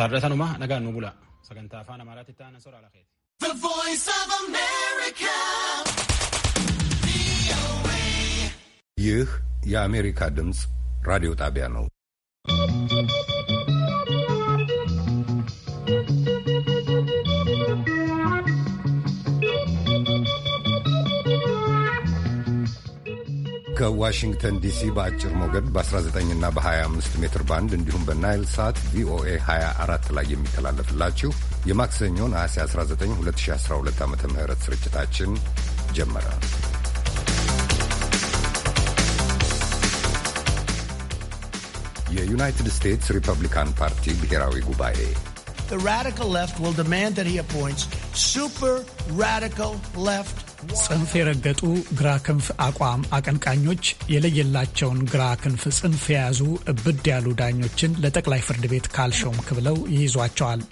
Tardatanumaa dhagaan nu bula. Sagantaa afaan ta'an The ይህ የአሜሪካ ድምፅ ራዲዮ ጣቢያ ነው። ከዋሽንግተን ዲሲ በአጭር ሞገድ በ19 እና በ25 ሜትር ባንድ እንዲሁም በናይል ሳት ቪኦኤ 24 ላይ የሚተላለፍላችሁ የማክሰኞ ነሐሴ 19 2012 ዓ ም ስርጭታችን ጀመረ። የዩናይትድ ስቴትስ ሪፐብሊካን ፓርቲ ብሔራዊ ጉባኤ The radical left will demand that he appoints super radical left ጽንፍ የረገጡ ግራ ክንፍ አቋም አቀንቃኞች የለየላቸውን ግራ ክንፍ ጽንፍ የያዙ እብድ ያሉ ዳኞችን ለጠቅላይ ፍርድ ቤት ካልሾምክ ብለው ይይዟቸዋል።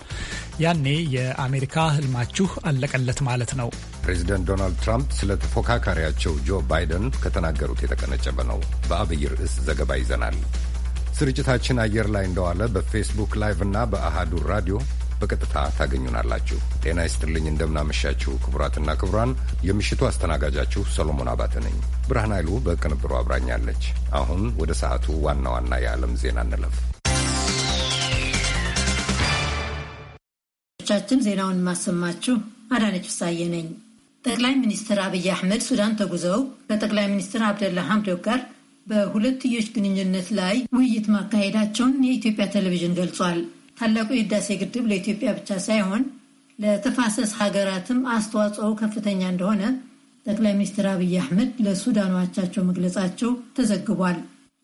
ያኔ የአሜሪካ ህልማችሁ አለቀለት ማለት ነው። ፕሬዚደንት ዶናልድ ትራምፕ ስለ ተፎካካሪያቸው ጆ ባይደን ከተናገሩት የተቀነጨበ ነው። በአብይ ርዕስ ዘገባ ይዘናል። ስርጭታችን አየር ላይ እንደዋለ በፌስቡክ ላይቭ እና በአሃዱ ራዲዮ በቀጥታ ታገኙናላችሁ። ጤና ይስጥልኝ። እንደምናመሻችሁ ክቡራትና ክቡራን፣ የምሽቱ አስተናጋጃችሁ ሰሎሞን አባተ ነኝ። ብርሃን ኃይሉ በቅንብሩ አብራኛለች። አሁን ወደ ሰዓቱ ዋና ዋና የዓለም ዜና እንለፍ። ቻችን ዜናውን የማሰማችሁ አዳነች ፍሳዬ ነኝ። ጠቅላይ ሚኒስትር አብይ አህመድ ሱዳን ተጉዘው ከጠቅላይ ሚኒስትር አብደላ ሐምዶክ ጋር በሁለትዮሽ ግንኙነት ላይ ውይይት ማካሄዳቸውን የኢትዮጵያ ቴሌቪዥን ገልጿል። ታላቁ የህዳሴ ግድብ ለኢትዮጵያ ብቻ ሳይሆን ለተፋሰስ ሀገራትም አስተዋጽኦ ከፍተኛ እንደሆነ ጠቅላይ ሚኒስትር አብይ አህመድ ለሱዳን አቻቸው መግለጻቸው ተዘግቧል።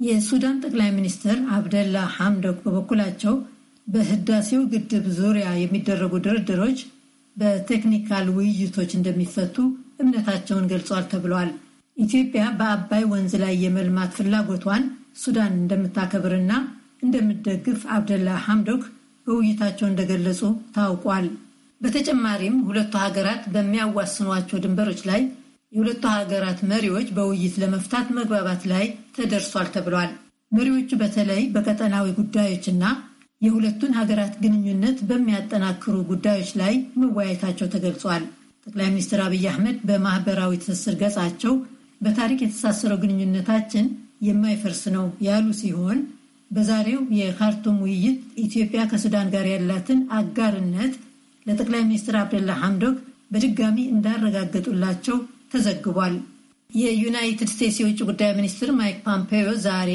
የሱዳን ጠቅላይ ሚኒስትር አብደላ ሐምደክ በበኩላቸው በህዳሴው ግድብ ዙሪያ የሚደረጉ ድርድሮች በቴክኒካል ውይይቶች እንደሚፈቱ እምነታቸውን ገልጿል ተብሏል። ኢትዮጵያ በአባይ ወንዝ ላይ የመልማት ፍላጎቷን ሱዳን እንደምታከብርና እንደምትደግፍ አብደላ ሐምዶክ በውይይታቸው እንደገለጹ ታውቋል። በተጨማሪም ሁለቱ ሀገራት በሚያዋስኗቸው ድንበሮች ላይ የሁለቱ ሀገራት መሪዎች በውይይት ለመፍታት መግባባት ላይ ተደርሷል ተብሏል። መሪዎቹ በተለይ በቀጠናዊ ጉዳዮች እና የሁለቱን ሀገራት ግንኙነት በሚያጠናክሩ ጉዳዮች ላይ መወያየታቸው ተገልጿል። ጠቅላይ ሚኒስትር አብይ አህመድ በማህበራዊ ትስስር ገጻቸው በታሪክ የተሳሰረው ግንኙነታችን የማይፈርስ ነው ያሉ ሲሆን በዛሬው የካርቱም ውይይት ኢትዮጵያ ከሱዳን ጋር ያላትን አጋርነት ለጠቅላይ ሚኒስትር አብደላ ሐምዶክ በድጋሚ እንዳረጋገጡላቸው ተዘግቧል። የዩናይትድ ስቴትስ የውጭ ጉዳይ ሚኒስትር ማይክ ፖምፔዮ ዛሬ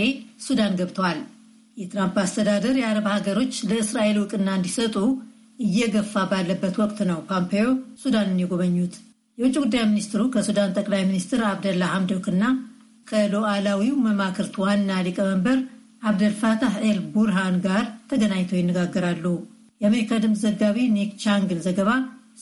ሱዳን ገብተዋል። የትራምፕ አስተዳደር የአረብ ሀገሮች ለእስራኤል እውቅና እንዲሰጡ እየገፋ ባለበት ወቅት ነው ፖምፔዮ ሱዳንን የጎበኙት። የውጭ ጉዳይ ሚኒስትሩ ከሱዳን ጠቅላይ ሚኒስትር አብደላ ሐምዶክ እና ከሉዓላዊው መማክርት ዋና ሊቀመንበር አብደልፋታህ ኤል ቡርሃን ጋር ተገናኝተው ይነጋገራሉ። የአሜሪካ ድምፅ ዘጋቢ ኒክ ቻንግል ዘገባ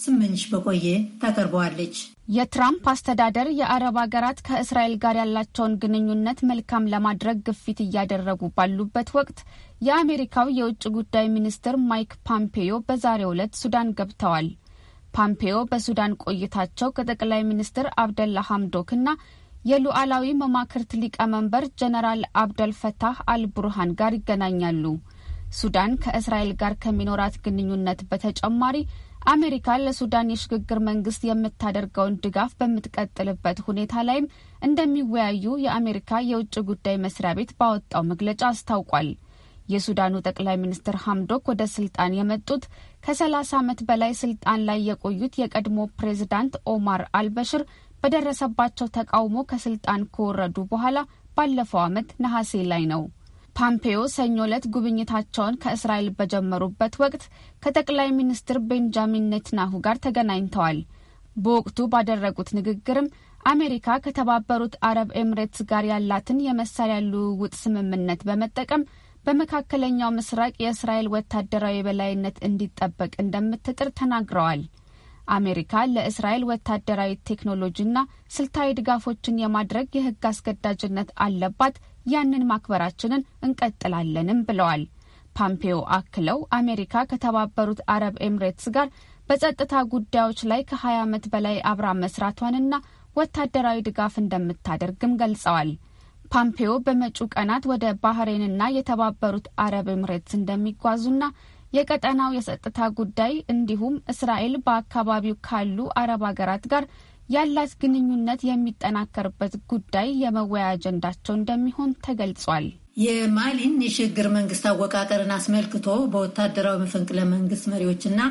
ስምንሽ በቆየ ታቀርበዋለች። የትራምፕ አስተዳደር የአረብ ሀገራት ከእስራኤል ጋር ያላቸውን ግንኙነት መልካም ለማድረግ ግፊት እያደረጉ ባሉበት ወቅት የአሜሪካው የውጭ ጉዳይ ሚኒስትር ማይክ ፖምፔዮ በዛሬው ዕለት ሱዳን ገብተዋል። ፓምፔዮ በሱዳን ቆይታቸው ከጠቅላይ ሚኒስትር አብደላ እና የሉዓላዊ መማክርት ሊቀመንበር ጀነራል አብደልፈታህ አልቡርሃን ጋር ይገናኛሉ። ሱዳን ከእስራኤል ጋር ከሚኖራት ግንኙነት በተጨማሪ አሜሪካ ለሱዳን የሽግግር መንግስት የምታደርገውን ድጋፍ በምትቀጥልበት ሁኔታ ላይም እንደሚወያዩ የአሜሪካ የውጭ ጉዳይ መስሪያ ቤት ባወጣው መግለጫ አስታውቋል። የሱዳኑ ጠቅላይ ሚኒስትር ሀምዶክ ወደ ስልጣን የመጡት ከሰላሳ ዓመት በላይ ስልጣን ላይ የቆዩት የቀድሞ ፕሬዝዳንት ኦማር አልበሽር በደረሰባቸው ተቃውሞ ከስልጣን ከወረዱ በኋላ ባለፈው ዓመት ነሐሴ ላይ ነው። ፓምፔዮ ሰኞ ዕለት ጉብኝታቸውን ከእስራኤል በጀመሩበት ወቅት ከጠቅላይ ሚኒስትር ቤንጃሚን ኔትናሁ ጋር ተገናኝተዋል። በወቅቱ ባደረጉት ንግግርም አሜሪካ ከተባበሩት አረብ ኤምሬትስ ጋር ያላትን የመሳሪያ ልውውጥ ስምምነት በመጠቀም በመካከለኛው ምስራቅ የእስራኤል ወታደራዊ የበላይነት እንዲጠበቅ እንደምትጥር ተናግረዋል። አሜሪካ ለእስራኤል ወታደራዊ ቴክኖሎጂና ስልታዊ ድጋፎችን የማድረግ የህግ አስገዳጅነት አለባት፣ ያንን ማክበራችንን እንቀጥላለንም ብለዋል። ፓምፔዮ አክለው አሜሪካ ከተባበሩት አረብ ኤምሬትስ ጋር በጸጥታ ጉዳዮች ላይ ከ20 ዓመት በላይ አብራ መስራቷንና ወታደራዊ ድጋፍ እንደምታደርግም ገልጸዋል። ፓምፔዮ በመጪው ቀናት ወደ ባህሬንና የተባበሩት አረብ ኤምሬትስ እንደሚጓዙና የቀጠናው የጸጥታ ጉዳይ እንዲሁም እስራኤል በአካባቢው ካሉ አረብ ሀገራት ጋር ያላት ግንኙነት የሚጠናከርበት ጉዳይ የመወያ አጀንዳቸው እንደሚሆን ተገልጿል። የማሊን የሽግግር መንግስት አወቃቀርን አስመልክቶ በወታደራዊ መፈንቅለ መንግስት መሪዎችና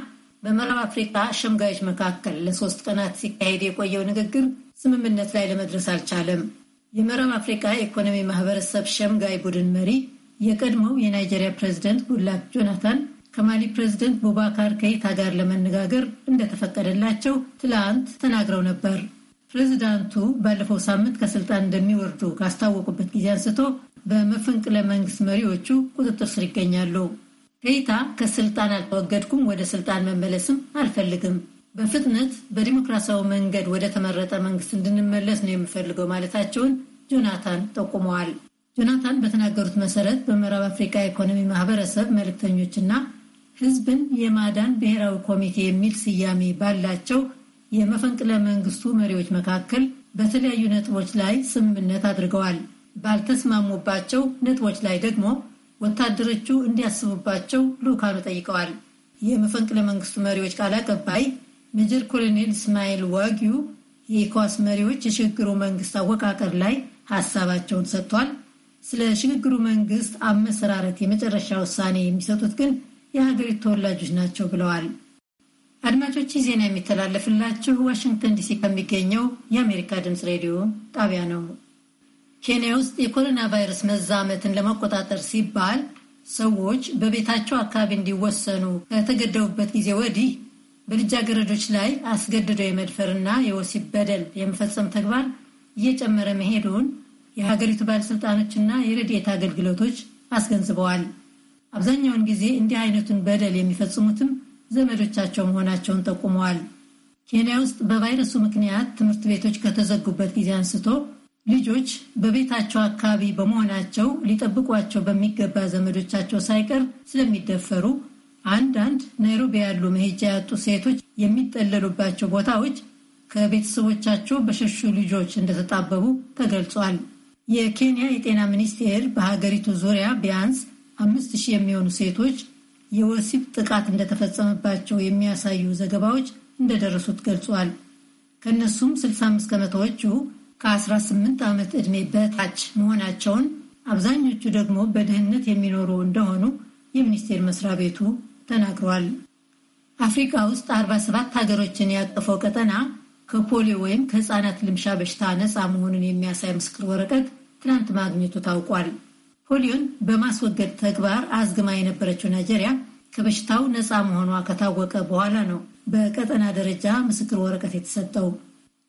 በምዕራብ አፍሪካ ሸምጋዮች መካከል ለሶስት ቀናት ሲካሄድ የቆየው ንግግር ስምምነት ላይ ለመድረስ አልቻለም። የምዕራብ አፍሪካ የኢኮኖሚ ማህበረሰብ ሸምጋይ ቡድን መሪ የቀድሞው የናይጄሪያ ፕሬዚደንት ጉድላክ ጆናታን ከማሊ ፕሬዚደንት ቡባካር ከይታ ጋር ለመነጋገር እንደተፈቀደላቸው ትላንት ተናግረው ነበር። ፕሬዚዳንቱ ባለፈው ሳምንት ከስልጣን እንደሚወርዱ ካስታወቁበት ጊዜ አንስቶ በመፈንቅለ መንግስት መሪዎቹ ቁጥጥር ስር ይገኛሉ። ከይታ ከስልጣን አልተወገድኩም፣ ወደ ስልጣን መመለስም አልፈልግም፣ በፍጥነት በዲሞክራሲያዊ መንገድ ወደ ተመረጠ መንግስት እንድንመለስ ነው የምፈልገው ማለታቸውን ጆናታን ጠቁመዋል። ጆናታን በተናገሩት መሰረት በምዕራብ አፍሪካ ኢኮኖሚ ማህበረሰብ መልእክተኞችና ህዝብን የማዳን ብሔራዊ ኮሚቴ የሚል ስያሜ ባላቸው የመፈንቅለ መንግስቱ መሪዎች መካከል በተለያዩ ነጥቦች ላይ ስምምነት አድርገዋል። ባልተስማሙባቸው ነጥቦች ላይ ደግሞ ወታደሮቹ እንዲያስቡባቸው ልዑካኑ ጠይቀዋል። የመፈንቅለ መንግስቱ መሪዎች ቃል አቀባይ ምጅር ኮሎኔል እስማኤል ዋጊው የኢኳስ መሪዎች የሽግግሩ መንግስት አወቃቀር ላይ ሀሳባቸውን ሰጥቷል። ስለ ሽግግሩ መንግስት አመሰራረት የመጨረሻ ውሳኔ የሚሰጡት ግን የሀገሪቱ ተወላጆች ናቸው ብለዋል። አድማጮች ዜና የሚተላለፍላችሁ ዋሽንግተን ዲሲ ከሚገኘው የአሜሪካ ድምፅ ሬዲዮ ጣቢያ ነው። ኬንያ ውስጥ የኮሮና ቫይረስ መዛመትን ለመቆጣጠር ሲባል ሰዎች በቤታቸው አካባቢ እንዲወሰኑ ከተገደቡበት ጊዜ ወዲህ በልጃገረዶች ላይ አስገድዶ የመድፈርና የወሲብ በደል የመፈጸም ተግባር እየጨመረ መሄዱን የሀገሪቱ ባለስልጣኖችና የረድኤት አገልግሎቶች አስገንዝበዋል። አብዛኛውን ጊዜ እንዲህ አይነቱን በደል የሚፈጽሙትም ዘመዶቻቸው መሆናቸውን ጠቁመዋል። ኬንያ ውስጥ በቫይረሱ ምክንያት ትምህርት ቤቶች ከተዘጉበት ጊዜ አንስቶ ልጆች በቤታቸው አካባቢ በመሆናቸው ሊጠብቋቸው በሚገባ ዘመዶቻቸው ሳይቀር ስለሚደፈሩ አንዳንድ ናይሮቢ ያሉ መሄጃ ያጡ ሴቶች የሚጠለሉባቸው ቦታዎች ከቤተሰቦቻቸው በሸሹ ልጆች እንደተጣበቡ ተገልጿል። የኬንያ የጤና ሚኒስቴር በሀገሪቱ ዙሪያ ቢያንስ አምስት ሺህ የሚሆኑ ሴቶች የወሲብ ጥቃት እንደተፈጸመባቸው የሚያሳዩ ዘገባዎች እንደደረሱት ገልጿል። ከእነሱም 65 ከመቶዎቹ ከ18 ዓመት ዕድሜ በታች መሆናቸውን፣ አብዛኞቹ ደግሞ በድህነት የሚኖሩ እንደሆኑ የሚኒስቴር መስሪያ ቤቱ ተናግሯል። አፍሪካ ውስጥ 47 ሀገሮችን ያቀፈው ቀጠና ከፖሊዮ ወይም ከህፃናት ልምሻ በሽታ ነፃ መሆኑን የሚያሳይ ምስክር ወረቀት ትናንት ማግኘቱ ታውቋል። ፖሊዮን በማስወገድ ተግባር አዝግማ የነበረችው ናይጄሪያ ከበሽታው ነፃ መሆኗ ከታወቀ በኋላ ነው በቀጠና ደረጃ ምስክር ወረቀት የተሰጠው።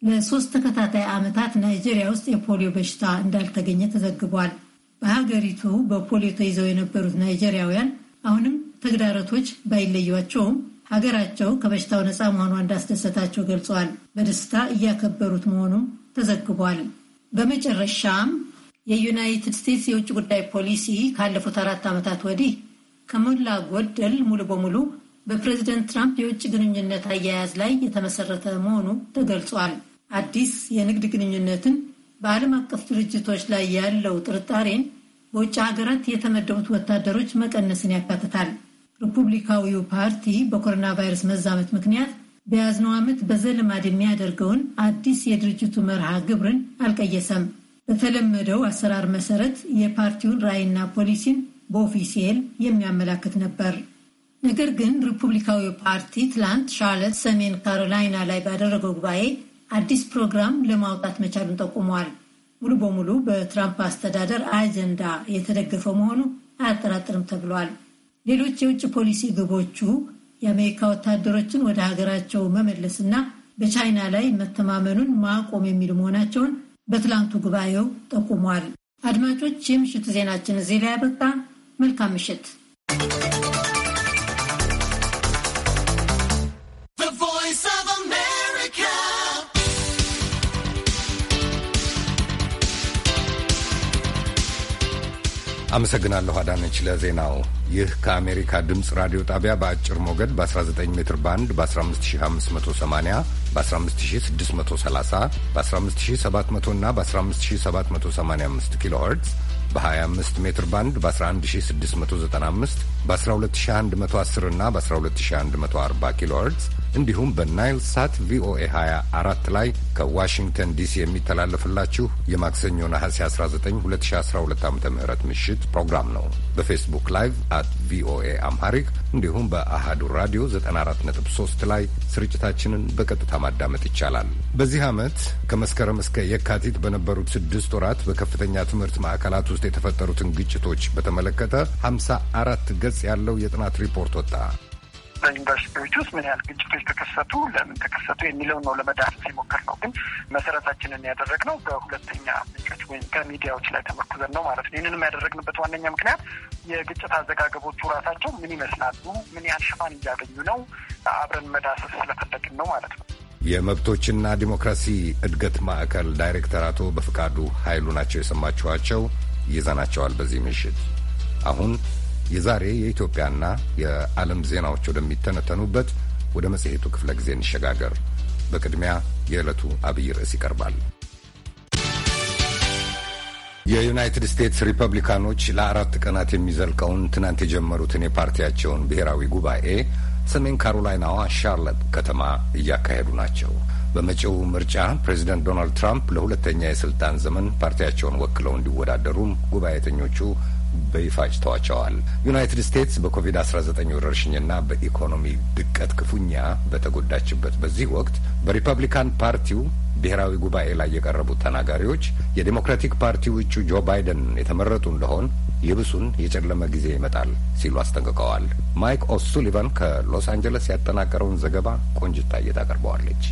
ለሶስት ተከታታይ ዓመታት ናይጄሪያ ውስጥ የፖሊዮ በሽታ እንዳልተገኘ ተዘግቧል። በሀገሪቱ በፖሊዮ ተይዘው የነበሩት ናይጄሪያውያን አሁንም ተግዳሮቶች ባይለዩቸውም ሀገራቸው ከበሽታው ነፃ መሆኗ እንዳስደሰታቸው ገልጸዋል። በደስታ እያከበሩት መሆኑም ተዘግቧል። በመጨረሻም የዩናይትድ ስቴትስ የውጭ ጉዳይ ፖሊሲ ካለፉት አራት ዓመታት ወዲህ ከሞላ ጎደል ሙሉ በሙሉ በፕሬዚደንት ትራምፕ የውጭ ግንኙነት አያያዝ ላይ የተመሰረተ መሆኑ ተገልጿል። አዲስ የንግድ ግንኙነትን በዓለም አቀፍ ድርጅቶች ላይ ያለው ጥርጣሬን በውጭ ሀገራት የተመደቡት ወታደሮች መቀነስን ያካትታል። ሪፑብሊካዊው ፓርቲ በኮሮና ቫይረስ መዛመት ምክንያት በያዝነው ዓመት በዘልማድ የሚያደርገውን አዲስ የድርጅቱ መርሃ ግብርን አልቀየሰም። በተለመደው አሰራር መሰረት የፓርቲውን ራዕይና ፖሊሲን በኦፊሴል የሚያመላክት ነበር። ነገር ግን ሪፑብሊካዊ ፓርቲ ትላንት ሻርለት፣ ሰሜን ካሮላይና ላይ ባደረገው ጉባኤ አዲስ ፕሮግራም ለማውጣት መቻሉን ጠቁመዋል። ሙሉ በሙሉ በትራምፕ አስተዳደር አጀንዳ የተደገፈ መሆኑ አያጠራጥርም ተብሏል። ሌሎች የውጭ ፖሊሲ ግቦቹ የአሜሪካ ወታደሮችን ወደ ሀገራቸው መመለስና በቻይና ላይ መተማመኑን ማቆም የሚሉ መሆናቸውን በትላንቱ ጉባኤው ጠቁሟል። አድማጮች፣ የምሽት ዜናችን እዚህ ላይ ያበቃ። መልካም ምሽት። አመሰግናለሁ አዳነች ለዜናው። ይህ ከአሜሪካ ድምፅ ራዲዮ ጣቢያ በአጭር ሞገድ በ19 ሜትር ባንድ በ15580 በ15630 በ15700 እና በ15785 ኪሎ ኸርትዝ በ25 ሜትር ባንድ በ11695 በ12110 እና በ12140 ኪሎ ኸርትዝ እንዲሁም በናይል ሳት ቪኦኤ 24 ላይ ከዋሽንግተን ዲሲ የሚተላለፍላችሁ የማክሰኞ ነሐሴ 19 2012 ዓ ም ምሽት ፕሮግራም ነው። በፌስቡክ ላይቭ አት ቪኦኤ አምሃሪክ እንዲሁም በአሃዱ ራዲዮ 943 ላይ ስርጭታችንን በቀጥታ ማዳመጥ ይቻላል። በዚህ ዓመት ከመስከረም እስከ የካቲት በነበሩት ስድስት ወራት በከፍተኛ ትምህርት ማዕከላት ውስጥ የተፈጠሩትን ግጭቶች በተመለከተ 54 ገጽ ያለው የጥናት ሪፖርት ወጣ። በዩኒቨርሲቲዎች ውስጥ ምን ያህል ግጭቶች ተከሰቱ፣ ለምን ተከሰቱ የሚለው ነው ለመዳሰስ የሞከር ነው። ግን መሰረታችንን ያደረግነው በሁለተኛ ምንጮች ወይም ከሚዲያዎች ላይ ተመርኩዘን ነው ማለት ነው። ይህንንም ያደረግንበት ዋነኛ ምክንያት የግጭት አዘጋገቦቹ ራሳቸው ምን ይመስላሉ፣ ምን ያህል ሽፋን እያገኙ ነው፣ አብረን መዳሰስ ስለፈለግን ነው ማለት ነው። የመብቶችና ዲሞክራሲ እድገት ማዕከል ዳይሬክተር አቶ በፍቃዱ ኃይሉ ናቸው የሰማችኋቸው። ይዘናቸዋል በዚህ ምሽት አሁን የዛሬ የኢትዮጵያና የዓለም ዜናዎች ወደሚተነተኑበት ወደ መጽሔቱ ክፍለ ጊዜ እንሸጋገር። በቅድሚያ የዕለቱ አብይ ርዕስ ይቀርባል። የዩናይትድ ስቴትስ ሪፐብሊካኖች ለአራት ቀናት የሚዘልቀውን ትናንት የጀመሩትን የፓርቲያቸውን ብሔራዊ ጉባኤ ሰሜን ካሮላይናዋ ሻርለት ከተማ እያካሄዱ ናቸው። በመጪው ምርጫ ፕሬዚደንት ዶናልድ ትራምፕ ለሁለተኛ የስልጣን ዘመን ፓርቲያቸውን ወክለው እንዲወዳደሩም ጉባኤተኞቹ በይፋ አጭተዋቸዋል። ዩናይትድ ስቴትስ በኮቪድ-19 ወረርሽኝና በኢኮኖሚ ድቀት ክፉኛ በተጎዳችበት በዚህ ወቅት በሪፐብሊካን ፓርቲው ብሔራዊ ጉባኤ ላይ የቀረቡት ተናጋሪዎች የዴሞክራቲክ ፓርቲ እጩ ጆ ባይደን የተመረጡ እንደሆን ይብሱን የጨለመ ጊዜ ይመጣል ሲሉ አስጠንቅቀዋል። ማይክ ኦሱሊቫን ከሎስ አንጀለስ ያጠናቀረውን ዘገባ ቆንጅታ እየታቀርበዋለች።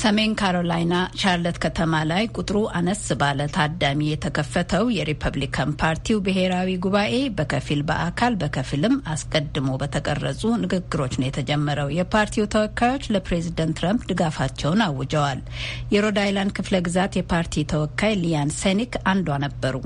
ሰሜን ካሮላይና ቻርለት ከተማ ላይ ቁጥሩ አነስ ባለ ታዳሚ የተከፈተው የሪፐብሊካን ፓርቲው ብሔራዊ ጉባኤ በከፊል በአካል በከፊልም አስቀድሞ በተቀረጹ ንግግሮች ነው የተጀመረው። የፓርቲው ተወካዮች ለፕሬዝደንት ትራምፕ ድጋፋቸውን አውጀዋል። የሮድ አይላንድ ክፍለ ግዛት የፓርቲ ተወካይ ሊያን ሴኒክ አንዷ ነበሩ።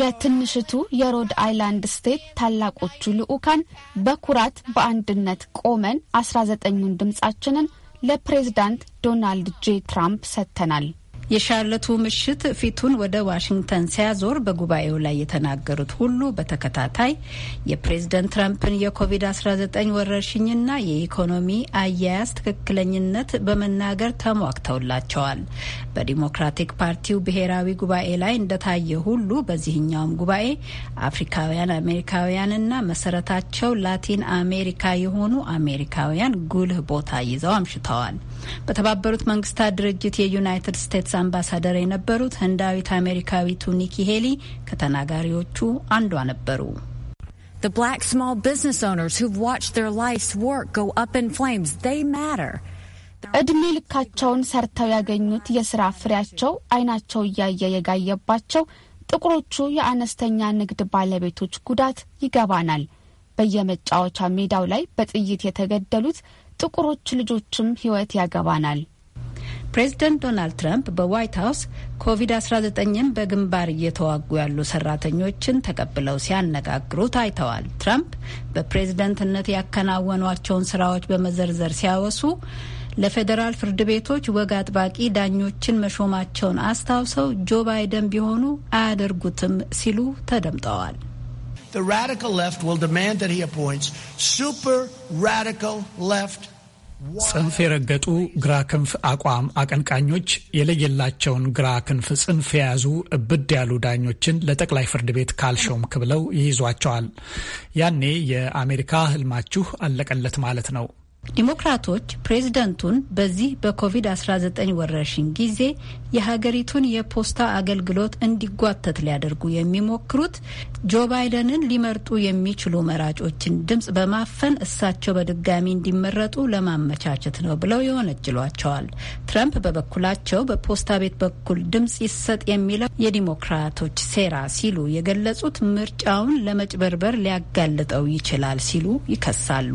የትንሽቱ የሮድ አይላንድ ስቴት ታላቆቹ ልዑካን በኩራት በአንድነት ቆመን አስራ ዘጠኙን ድምጻችንን ለፕሬዝዳንት ዶናልድ ጄ ትራምፕ ሰጥተናል። የሻርለቱ ምሽት ፊቱን ወደ ዋሽንግተን ሲያዞር በጉባኤው ላይ የተናገሩት ሁሉ በተከታታይ የፕሬዝደንት ትራምፕን የኮቪድ-19 ወረርሽኝና የኢኮኖሚ አያያዝ ትክክለኝነት በመናገር ተሟግተውላቸዋል። በዲሞክራቲክ ፓርቲው ብሔራዊ ጉባኤ ላይ እንደታየ ሁሉ በዚህኛውም ጉባኤ አፍሪካውያን አሜሪካውያንና መሰረታቸው ላቲን አሜሪካ የሆኑ አሜሪካውያን ጉልህ ቦታ ይዘው አምሽተዋል። በተባበሩት መንግስታት ድርጅት የዩናይትድ ስቴትስ አምባሳደር የነበሩት ህንዳዊት አሜሪካዊቱ ኒኪ ሄሊ ከተናጋሪዎቹ አንዷ ነበሩ። The black small business owners who've watched their life's work go up in flames, they matter. እድሜ ልካቸውን ሰርተው ያገኙት የስራ ፍሬያቸው አይናቸው እያየ የጋየባቸው ጥቁሮቹ የአነስተኛ ንግድ ባለቤቶች ጉዳት ይገባናል። በየመጫወቻ ሜዳው ላይ በጥይት የተገደሉት ጥቁሮች ልጆችም ህይወት ያገባናል። ፕሬዝደንት ዶናልድ ትራምፕ በዋይት ሀውስ ኮቪድ-19ን በግንባር እየተዋጉ ያሉ ሰራተኞችን ተቀብለው ሲያነጋግሩ ታይተዋል። ትራምፕ በፕሬዝደንትነት ያከናወኗቸውን ስራዎች በመዘርዘር ሲያወሱ ለፌዴራል ፍርድ ቤቶች ወግ አጥባቂ ዳኞችን መሾማቸውን አስታውሰው ጆ ባይደን ቢሆኑ አያደርጉትም ሲሉ ተደምጠዋል። The radical left will demand that he appoints super radical left ጽንፍ የረገጡ ግራ ክንፍ አቋም አቀንቃኞች የለየላቸውን ግራ ክንፍ ጽንፍ የያዙ እብድ ያሉ ዳኞችን ለጠቅላይ ፍርድ ቤት ካልሾምክ ብለው ይይዟቸዋል። ያኔ የአሜሪካ ህልማችሁ አለቀለት ማለት ነው። ዲሞክራቶች ፕሬዝደንቱን በዚህ በኮቪድ-19 ወረርሽኝ ጊዜ የሀገሪቱን የፖስታ አገልግሎት እንዲጓተት ሊያደርጉ የሚሞክሩት ጆ ባይደንን ሊመርጡ የሚችሉ መራጮችን ድምፅ በማፈን እሳቸው በድጋሚ እንዲመረጡ ለማመቻቸት ነው ብለው ይወነጅሏቸዋል። ትራምፕ በበኩላቸው በፖስታ ቤት በኩል ድምፅ ይሰጥ የሚለው የዲሞክራቶች ሴራ ሲሉ የገለጹት ምርጫውን ለመጭበርበር ሊያጋልጠው ይችላል ሲሉ ይከሳሉ።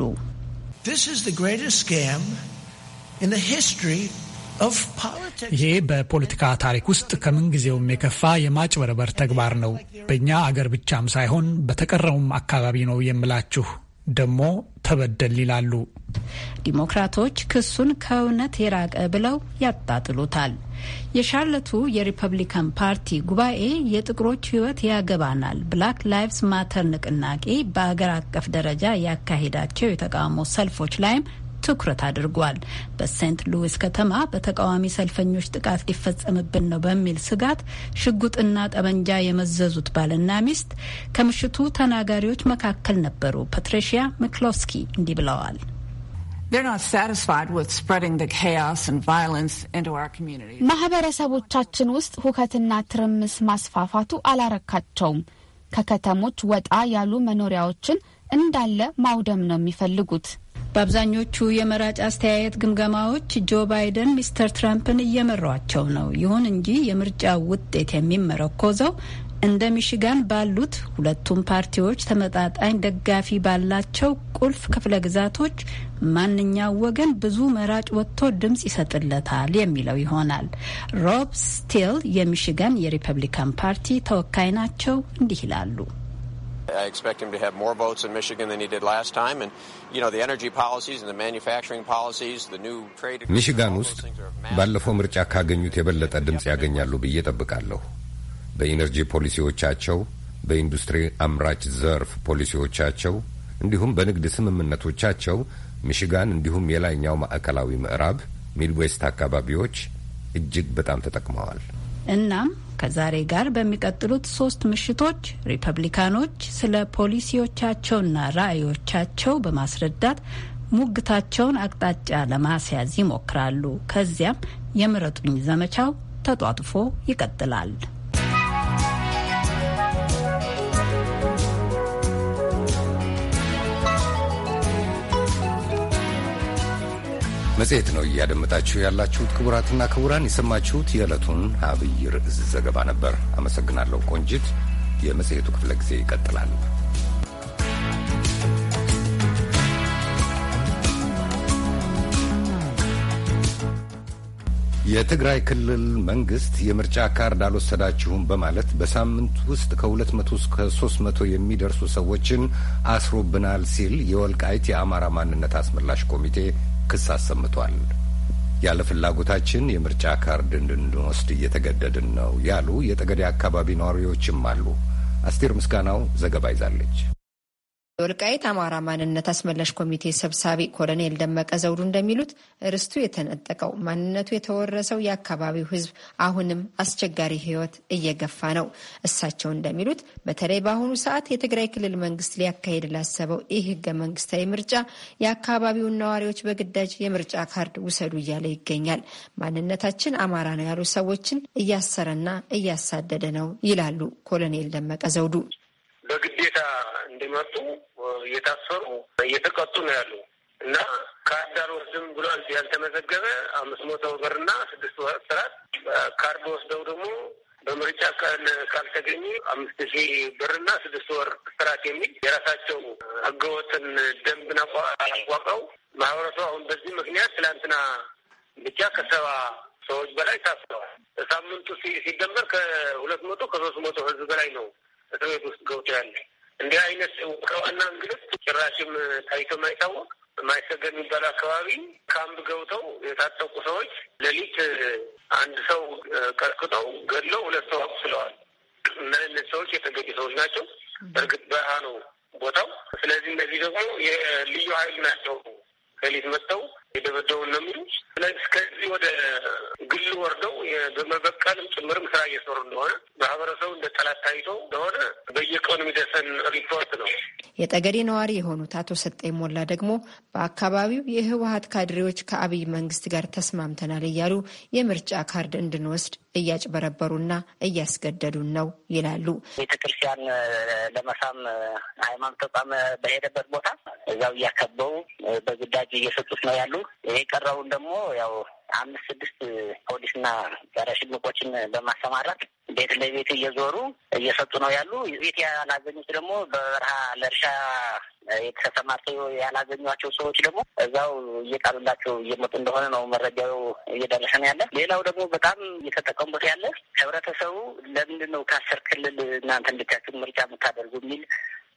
ይሄ በፖለቲካ ታሪክ ውስጥ ከምንጊዜውም የከፋ የማጭበርበር ተግባር ነው። በእኛ አገር ብቻም ሳይሆን በተቀረውም አካባቢ ነው የምላችሁ። ደግሞ ተበደል ይላሉ። ዲሞክራቶች ክሱን ከእውነት የራቀ ብለው ያጣጥሉታል። የሻርለቱ የሪፐብሊካን ፓርቲ ጉባኤ የጥቁሮች ሕይወት ያገባናል ብላክ ላይቭስ ማተር ንቅናቄ በአገር አቀፍ ደረጃ ያካሄዳቸው የተቃውሞ ሰልፎች ላይም ትኩረት አድርጓል። በሴንት ሉዊስ ከተማ በተቃዋሚ ሰልፈኞች ጥቃት ሊፈጸምብን ነው በሚል ስጋት ሽጉጥና ጠመንጃ የመዘዙት ባልና ሚስት ከምሽቱ ተናጋሪዎች መካከል ነበሩ። ፓትሪሺያ ምክሎስኪ እንዲህ ብለዋል። ማህበረሰቦቻችን ውስጥ ሁከትና ትርምስ ማስፋፋቱ አላረካቸውም። ከከተሞች ወጣ ያሉ መኖሪያዎችን እንዳለ ማውደም ነው የሚፈልጉት። በአብዛኞቹ የመራጭ አስተያየት ግምገማዎች ጆ ባይደን ሚስተር ትራምፕን እየመሯቸው ነው። ይሁን እንጂ የምርጫ ውጤት የሚመረኮዘው እንደ ሚሽጋን ባሉት ሁለቱም ፓርቲዎች ተመጣጣኝ ደጋፊ ባላቸው ቁልፍ ክፍለ ግዛቶች ማንኛው ወገን ብዙ መራጭ ወጥቶ ድምፅ ይሰጥለታል የሚለው ይሆናል። ሮብ ስቲል የሚሽጋን የሪፐብሊካን ፓርቲ ተወካይ ናቸው። እንዲህ ይላሉ። ሚሽጋን ውስጥ ባለፈው ምርጫ ካገኙት የበለጠ ድምፅ ያገኛሉ ብዬ ጠብቃለሁ። በኢነርጂ ፖሊሲዎቻቸው፣ በኢንዱስትሪ አምራች ዘርፍ ፖሊሲዎቻቸው እንዲሁም በንግድ ስምምነቶቻቸው ሚሽጋን እንዲሁም የላይኛው ማዕከላዊ ምዕራብ ሚድዌስት አካባቢዎች እጅግ በጣም ተጠቅመዋል። እናም ከዛሬ ጋር በሚቀጥሉት ሶስት ምሽቶች ሪፐብሊካኖች ስለ ፖሊሲዎቻቸውና ራዕዮቻቸው በማስረዳት ሙግታቸውን አቅጣጫ ለማስያዝ ይሞክራሉ። ከዚያም የምረጡኝ ዘመቻው ተጧጥፎ ይቀጥላል። መጽሔት ነው እያደመጣችሁ ያላችሁት። ክቡራትና ክቡራን የሰማችሁት የዕለቱን አብይ ርዕስ ዘገባ ነበር። አመሰግናለሁ ቆንጂት። የመጽሔቱ ክፍለ ጊዜ ይቀጥላል። የትግራይ ክልል መንግስት የምርጫ ካርድ አልወሰዳችሁም በማለት በሳምንት ውስጥ ከ መቶ እስከ 300 መቶ የሚደርሱ ሰዎችን አስሮብናል ሲል የወልቃይት የአማራ ማንነት አስመላሽ ኮሚቴ ክስ አሰምቷል። ያለ ፍላጎታችን የምርጫ ካርድ እንድንወስድ እየተገደድን ነው ያሉ የጠገዴ አካባቢ ነዋሪዎችም አሉ። አስቴር ምስጋናው ዘገባ ይዛለች። የወልቃይት አማራ ማንነት አስመላሽ ኮሚቴ ሰብሳቢ ኮሎኔል ደመቀ ዘውዱ እንደሚሉት ርስቱ የተነጠቀው ማንነቱ የተወረሰው የአካባቢው ሕዝብ አሁንም አስቸጋሪ ሕይወት እየገፋ ነው። እሳቸው እንደሚሉት በተለይ በአሁኑ ሰዓት የትግራይ ክልል መንግስት ሊያካሄድ ላሰበው ይህ ህገ መንግስታዊ ምርጫ የአካባቢውን ነዋሪዎች በግዳጅ የምርጫ ካርድ ውሰዱ እያለ ይገኛል። ማንነታችን አማራ ነው ያሉ ሰዎችን እያሰረና እያሳደደ ነው ይላሉ ኮሎኔል ደመቀ ዘውዱ በግዴታ እንዲመጡ እየታሰሩ እየተቀጡ ነው ያሉ እና ከአዳር ወስድም ብሏል ያልተመዘገበ አምስት መቶ ብር እና ስድስት ወር እስራት ካርድ ወስደው ደግሞ በምርጫ ቀን ካልተገኙ አምስት ሺህ ብርና ስድስት ወር እስራት የሚል የራሳቸው ህገወጥን ደንብን አቋቀው ማህበረሰቡ አሁን በዚህ ምክንያት ትላንትና ብቻ ከሰባ ሰዎች በላይ ታስረዋል። ሳምንቱ ሲደመር ከሁለት መቶ ከሶስት መቶ ህዝብ በላይ ነው እስር ቤት ውስጥ ገብቶ ያለ እንዲህ አይነት ከዋና እንግልት ጭራሽም ታይቶ ማይታወቅ ማይሰገድ የሚባል አካባቢ ካምፕ ገብተው የታጠቁ ሰዎች ሌሊት አንድ ሰው ቀርቅጠው ገድለው ሁለት ሰው አቁስለዋል እና እነዚህ ሰዎች የተገኙ ሰዎች ናቸው። በእርግጥ በረሃ ነው ቦታው። ስለዚህ እነዚህ ደግሞ የልዩ ኃይል ናቸው። ሌሊት መጥተው የደበደቡን ነው የሚሉት። ስለዚህ ከዚህ ወደ ግል ወርደው በመበቀልም ጭምርም ስራ እየሰሩ እንደሆነ ማህበረሰቡ እንደ ጠላት ታይቶ እንደሆነ በየቀኑ የሚደርሰን ሪፖርት ነው። የጠገዴ ነዋሪ የሆኑት አቶ ሰጠኝ ሞላ ደግሞ በአካባቢው የህወሀት ካድሬዎች ከአብይ መንግስት ጋር ተስማምተናል እያሉ የምርጫ ካርድ እንድንወስድ እያጭበረበሩና እያስገደዱን ነው ይላሉ። ቤተክርስቲያን ለመሳም ሃይማኖት ተቋም በሄደበት ቦታ እዛው እያከበው በግዳጅ እየሰጡት ነው ያሉ። የቀረውን ደግሞ ያው አምስት ስድስት ፖሊስና ጸረ ሽምቆችን በማሰማራት ቤት ለቤት እየዞሩ እየሰጡ ነው ያሉ። ቤት ያላገኙት ደግሞ በበረሃ ለእርሻ የተሰማርተው ያላገኟቸው ሰዎች ደግሞ እዛው እየጣሉላቸው እየመጡ እንደሆነ ነው መረጃው እየደረሰ ነው ያለ። ሌላው ደግሞ በጣም እየተጠቀሙበት ያለ ህብረተሰቡ ለምንድን ነው ከአስር ክልል እናንተ ብቻችሁን ምርጫ የምታደርጉ የሚል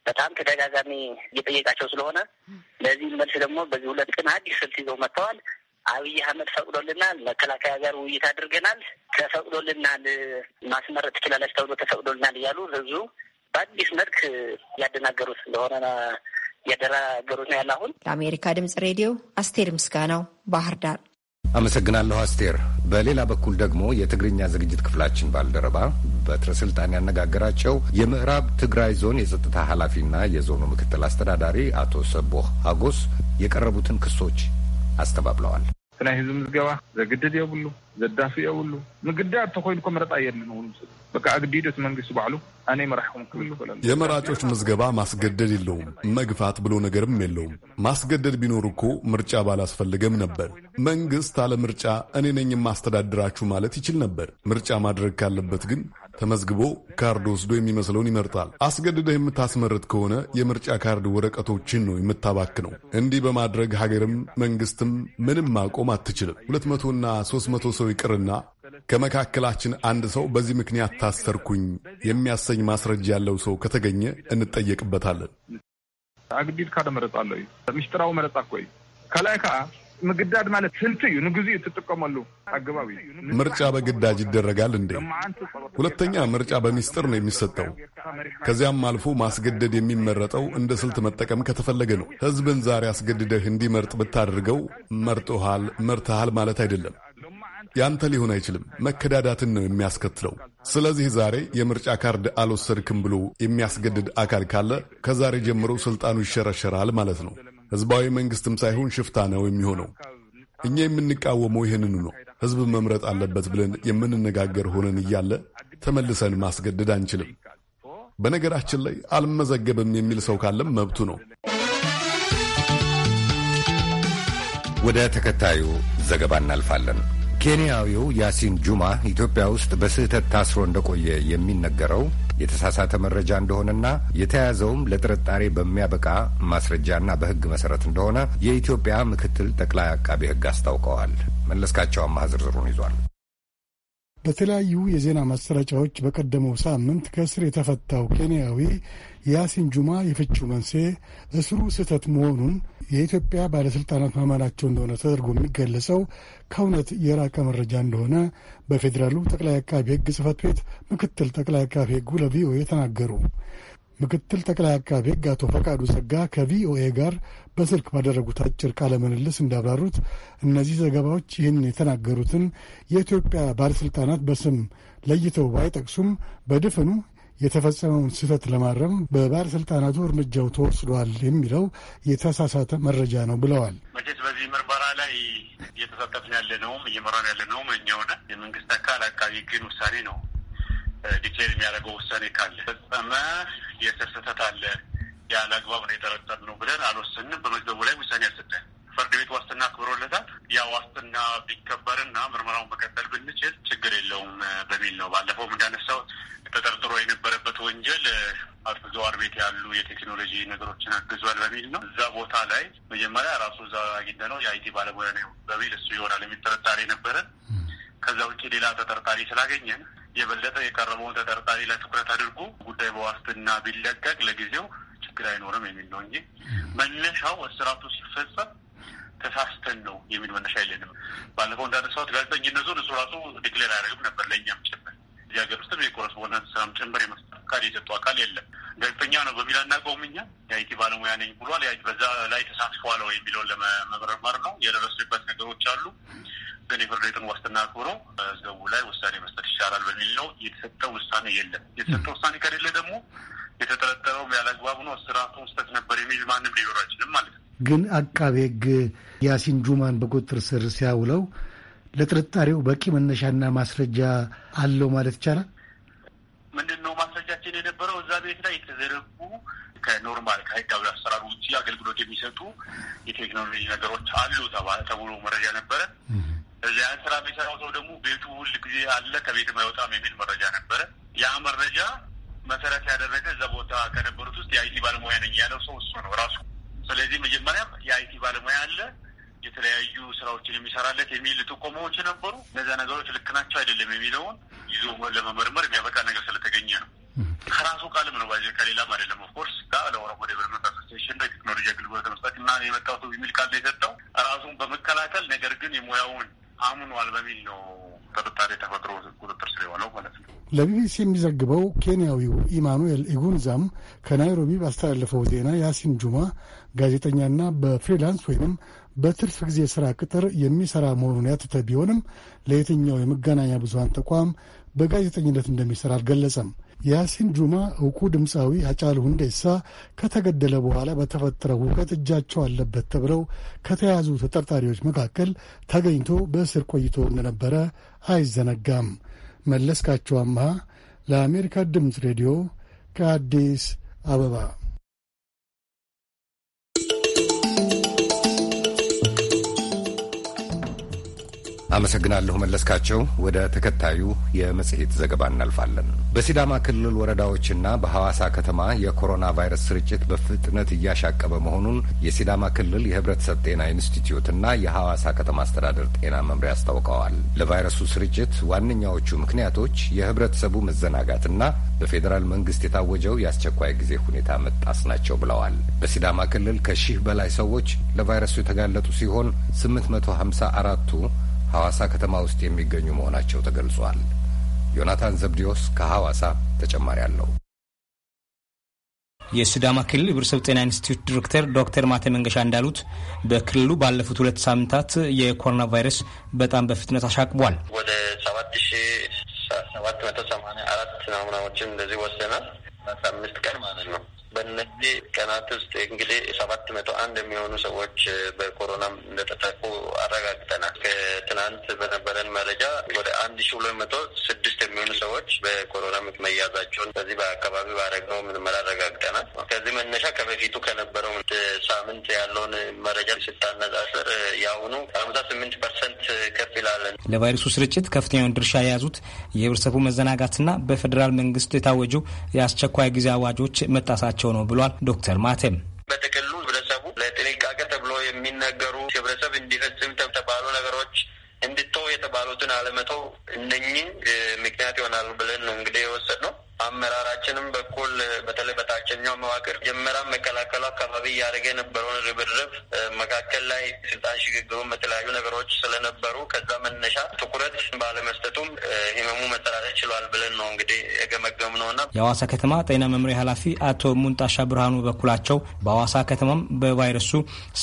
በጣም ተደጋጋሚ እየጠየቃቸው ስለሆነ ለዚህ መልስ ደግሞ በዚህ ሁለት ቀን አዲስ ስልት ይዘው መጥተዋል። አብይ አህመድ ፈቅዶልናል። መከላከያ ጋር ውይይት አድርገናል። ተፈቅዶልናል፣ ማስመረጥ ትችላለች ተብሎ ተፈቅዶልናል እያሉ ህዝቡ በአዲስ መልክ ያደናገሩት እንደሆነ ያደናገሩት ነው ያለ። አሁን ለአሜሪካ ድምጽ ሬዲዮ አስቴር ምስጋናው ባህር ዳር። አመሰግናለሁ አስቴር። በሌላ በኩል ደግሞ የትግርኛ ዝግጅት ክፍላችን ባልደረባ በትረ ስልጣን ያነጋገራቸው የምዕራብ ትግራይ ዞን የጸጥታ ኃላፊና የዞኑ ምክትል አስተዳዳሪ አቶ ሰቦህ ሀጎስ የቀረቡትን ክሶች አስተባብለዋል። ናይ ህዝቢ ምዝገባ ዘግድድ የብሉ ዘዳፊ የብሉ ምግዳድ ተኮይኑኮ መረጣ የለን ሆኑ በቃ ኣግዲዶት እቲ መንግስቲ ባዕሉ ኣነ መራሕኩም ክብል ይክእለ የመራጮች ምዝገባ ማስገደድ የለውም፣ መግፋት ብሎ ነገርም የለውም። ማስገደድ ቢኖር እኮ ምርጫ ባላስፈልገም ነበር። መንግስት አለ ምርጫ እኔ ነኝ የማስተዳድራችሁ ማለት ይችል ነበር። ምርጫ ማድረግ ካለበት ግን ተመዝግቦ ካርድ ወስዶ የሚመስለውን ይመርጣል። አስገድደህ የምታስመርት ከሆነ የምርጫ ካርድ ወረቀቶችን ነው የምታባክነው። እንዲህ በማድረግ ሀገርም መንግስትም ምንም ማቆም አትችልም። ሁለት መቶና ሶስት መቶ ሰው ይቅርና ከመካከላችን አንድ ሰው በዚህ ምክንያት ታሰርኩኝ የሚያሰኝ ማስረጃ ያለው ሰው ከተገኘ እንጠየቅበታለን። አግዲድ ካደ መረጣ አለ መረጣ ኮይ ከላይ ከ ምግዳድ ማለት ስልት እዩ እዩ ትጥቀመሉ እዩ ምርጫ በግዳጅ ይደረጋል እንዴ? ሁለተኛ ምርጫ በሚስጥር ነው የሚሰጠው። ከዚያም አልፎ ማስገደድ የሚመረጠው እንደ ስልት መጠቀም ከተፈለገ ነው። ህዝብን ዛሬ አስገድደህ እንዲመርጥ ብታደርገው መርጦሃል፣ መርተሃል ማለት አይደለም። ያንተ ሊሆን አይችልም። መከዳዳትን ነው የሚያስከትለው። ስለዚህ ዛሬ የምርጫ ካርድ አልወሰድክም ብሎ የሚያስገድድ አካል ካለ ከዛሬ ጀምሮ ስልጣኑ ይሸረሸራል ማለት ነው። ህዝባዊ መንግስትም ሳይሆን ሽፍታ ነው የሚሆነው። እኛ የምንቃወመው ይህንኑ ነው። ህዝብ መምረጥ አለበት ብለን የምንነጋገር ሆነን እያለ ተመልሰን ማስገደድ አንችልም። በነገራችን ላይ አልመዘገብም የሚል ሰው ካለም መብቱ ነው። ወደ ተከታዩ ዘገባ እናልፋለን። ኬንያዊው ያሲን ጁማ ኢትዮጵያ ውስጥ በስህተት ታስሮ እንደቆየ የሚነገረው የተሳሳተ መረጃ እንደሆነና የተያዘውም ለጥርጣሬ በሚያበቃ ማስረጃና በሕግ መሰረት እንደሆነ የኢትዮጵያ ምክትል ጠቅላይ አቃቤ ሕግ አስታውቀዋል። መለስካቸው አማረ ዝርዝሩን ይዟል። በተለያዩ የዜና ማሰራጫዎች በቀደመው ሳምንት ከእስር የተፈታው ኬንያዊ የያሲን ጁማ የፍቺው መንስኤ እስሩ ስህተት መሆኑን የኢትዮጵያ ባለሥልጣናት ማመናቸው እንደሆነ ተደርጎ የሚገለጸው ከእውነት የራቀ መረጃ እንደሆነ በፌዴራሉ ጠቅላይ አቃቢ ሕግ ጽፈት ቤት ምክትል ጠቅላይ አቃቢ ሕጉ ለቪኦኤ ተናገሩ። ምክትል ጠቅላይ አቃቢ ሕግ አቶ ፈቃዱ ጸጋ ከቪኦኤ ጋር በስልክ ባደረጉት አጭር ቃለ ምልልስ እንዳብራሩት እነዚህ ዘገባዎች ይህን የተናገሩትን የኢትዮጵያ ባለሥልጣናት በስም ለይተው ባይጠቅሱም በድፍኑ የተፈጸመውን ስህተት ለማረም በባለስልጣናቱ እርምጃው ተወስዷል የሚለው የተሳሳተ መረጃ ነው ብለዋል። መቼት በዚህ ምርመራ ላይ እየተሳተፍን ያለ ነውም እየመራን ያለ ነውም እኛ ሆነ የመንግስት አካል አቃቢ ግን ውሳኔ ነው ዲክሌር የሚያደርገው ውሳኔ ካለ ፈጸመ የስር ስህተት አለ ያለ አግባብ ነው የጠረጠር ነው ብለን አልወሰንም። በመዝገቡ ላይ ውሳኔ አልሰጠን ፍርድ ቤት ዋስትና አክብሮለታል። ያ ዋስትና ቢከበርና ምርመራውን መቀጠል ብንችል ችግር የለውም በሚል ነው። ባለፈውም እንዳነሳው ተጠርጥሮ የነበረበት ወንጀል አርዘዋር ቤት ያሉ የቴክኖሎጂ ነገሮችን አግዟል በሚል ነው። እዛ ቦታ ላይ መጀመሪያ ራሱ እዛ አግኝተ ነው የአይቲ ባለሙያ ነው በሚል እሱ ይሆናል የሚል ጥርጣሬ ነበረን። ከዛ ውጭ ሌላ ተጠርጣሪ ስላገኘን የበለጠ የቀረበውን ተጠርጣሪ ላይ ትኩረት አድርጎ ጉዳይ በዋስትና ቢለቀቅ ለጊዜው ችግር አይኖርም የሚል ነው እንጂ መነሻው እስራቱ ሲፈጸም ተሳስተን ነው የሚል መነሻ የለንም። ባለፈው እንዳነሳሁት ጋዜጠኝነቱን እሱ ራሱ ዲክሌር አያደርግም ነበር ለእኛም ጭምር እዚህ ሀገር ውስጥም የኮረስፖንደንት ስራም ጭምር የመስጠት አካል የሰጡ አካል የለም። ጋዜጠኛ ነው በሚል አናውቀውም። እኛ የአይቲ ባለሙያ ነኝ ብሏል። በዛ ላይ ተሳትፏል ወይ የሚለውን ለመመርመር ነው የደረሱበት ነገሮች አሉ። ግን የፍርድ ቤቱን ዋስትና አክብሮ ዘቡ ላይ ውሳኔ መስጠት ይቻላል በሚል ነው። የተሰጠ ውሳኔ የለም። የተሰጠ ውሳኔ ከሌለ ደግሞ የተጠረጠረው ያለ አግባብ ነው፣ ስርዓቱ ስህተት ነበር የሚል ማንም ሊኖር አይችልም ማለት ነው። ግን አቃቤ ሕግ ያሲን ጁማን በቁጥጥር ስር ሲያውለው ለጥርጣሬው በቂ መነሻና ማስረጃ አለው ማለት ይቻላል። ምንድን ነው ማስረጃችን የነበረው እዛ ቤት ላይ የተዘረጉ ከኖርማል ከህጋዊ አሰራር ውጭ አገልግሎት የሚሰጡ የቴክኖሎጂ ነገሮች አሉ ተብሎ መረጃ ነበረ። እዚያ ስራ የሚሰራው ሰው ደግሞ ቤቱ ሁል ጊዜ አለ ከቤትም አይወጣም የሚል መረጃ ነበረ። ያ መረጃ መሰረት ያደረገ እዛ ቦታ ከነበሩት ውስጥ የአይቲ ባለሙያ ነኝ ያለው ሰው እሱ ነው ራሱ ስለዚህ መጀመሪያም የአይቲ ባለሙያ አለ የተለያዩ ስራዎችን የሚሰራለት የሚል ጥቆማዎች ነበሩ። እነዚያ ነገሮች ልክ ናቸው አይደለም የሚለውን ይዞ ለመመርመር የሚያበቃ ነገር ስለተገኘ ነው። ከራሱ ቃልም ነው ባዚ ከሌላም አይደለም። ኦፍኮርስ ለኦሮሞ ዴቨሎፕመንት አሶሲሽን በቴክኖሎጂ አገልግሎት መስጠት እና የመጣቱ የሚል ቃል የሰጠው ራሱን በመከላከል ነገር ግን የሙያውን አምኗል በሚል ነው ጥርጣሬ ተፈጥሮ ቁጥጥር ስር የሆነው ማለት ነው። ለቢቢሲ የሚዘግበው ኬንያዊው ኢማኑኤል ኢጉንዛም ከናይሮቢ ባስተላለፈው ዜና ያሲን ጁማ ጋዜጠኛና በፍሪላንስ ወይም በትርፍ ጊዜ ስራ ቅጥር የሚሰራ መሆኑን ያትተ ቢሆንም ለየትኛው የመገናኛ ብዙሀን ተቋም በጋዜጠኝነት እንደሚሰራ አልገለጸም። ያሲን ጁማ እውቁ ድምፃዊ አጫሉ ሁንዴሳ ከተገደለ በኋላ በተፈጠረው ሁከት እጃቸው አለበት ተብለው ከተያዙ ተጠርጣሪዎች መካከል ተገኝቶ በእስር ቆይቶ እንደነበረ አይዘነጋም። መለስካቸው አምሃ ለአሜሪካ ድምፅ ሬዲዮ ከአዲስ አበባ አመሰግናለሁ መለስካቸው። ወደ ተከታዩ የመጽሔት ዘገባ እናልፋለን። በሲዳማ ክልል ወረዳዎችና በሐዋሳ ከተማ የኮሮና ቫይረስ ስርጭት በፍጥነት እያሻቀበ መሆኑን የሲዳማ ክልል የሕብረተሰብ ጤና ኢንስቲትዩትና የሐዋሳ ከተማ አስተዳደር ጤና መምሪያ አስታውቀዋል። ለቫይረሱ ስርጭት ዋነኛዎቹ ምክንያቶች የሕብረተሰቡ መዘናጋትና በፌዴራል መንግስት የታወጀው የአስቸኳይ ጊዜ ሁኔታ መጣስ ናቸው ብለዋል። በሲዳማ ክልል ከሺህ በላይ ሰዎች ለቫይረሱ የተጋለጡ ሲሆን ስምንት መቶ ሀምሳ አራቱ ሐዋሳ ከተማ ውስጥ የሚገኙ መሆናቸው ተገልጿል። ዮናታን ዘብዲዮስ ከሐዋሳ ተጨማሪ አለው። የሲዳማ ክልል ህብረተሰብ ጤና ኢንስቲትዩት ዲሬክተር ዶክተር ማቴ መንገሻ እንዳሉት በክልሉ ባለፉት ሁለት ሳምንታት የኮሮና ቫይረስ በጣም በፍጥነት አሻቅቧል። ወደ ሰባት ሺ ሰባት መቶ ሰማንያ አራት ናሙናዎችን እንደዚህ ወስደናል። አምስት ቀን ማለት ነው በእነዚህ ቀናት ውስጥ እንግዲህ ሰባት መቶ አንድ የሚሆኑ ሰዎች eh, በኮሮና እንደተጠቁ አረጋግጠናል። ከትናንት በነበረን መረጃ ወደ አንድ ሺ ሁለት መቶ ስድስት የሚሆኑ ሰዎች በኮሮና መያዛቸውን በዚህ በአካባቢ ባደረግነው ምርመራ አረጋግጠናል። ከዚህ መነሻ ከበፊቱ ከነበረው ሳምንት ያለውን መረጃ ስታነጻጽር eh, የአሁኑ ከሀምሳ ስምንት ፐርሰንት ከፍ ይላለን። ለቫይረሱ ስርጭት ከፍተኛውን ድርሻ የያዙት የህብረተሰቡ መዘናጋትና በፌዴራል መንግስት የታወጁ የአስቸኳይ ጊዜ አዋጆች መጣሳቸው መሆናቸው ነው ብሏል ዶክተር ማቴም እያደረገ የነበረውን ርብርብ መካከል ላይ ስልጣን ሽግግሩም በተለያዩ ነገሮች ስለነበሩ ከዛ መነሻ ትኩረት ባለመስጠቱም ህመሙ መጠራጠር ችሏል ብለን ነው እንግዲህ የገመገም ነውና የአዋሳ ከተማ ጤና መምሪያ ኃላፊ አቶ ሙንጣሻ ብርሃኑ በኩላቸው በአዋሳ ከተማም በቫይረሱ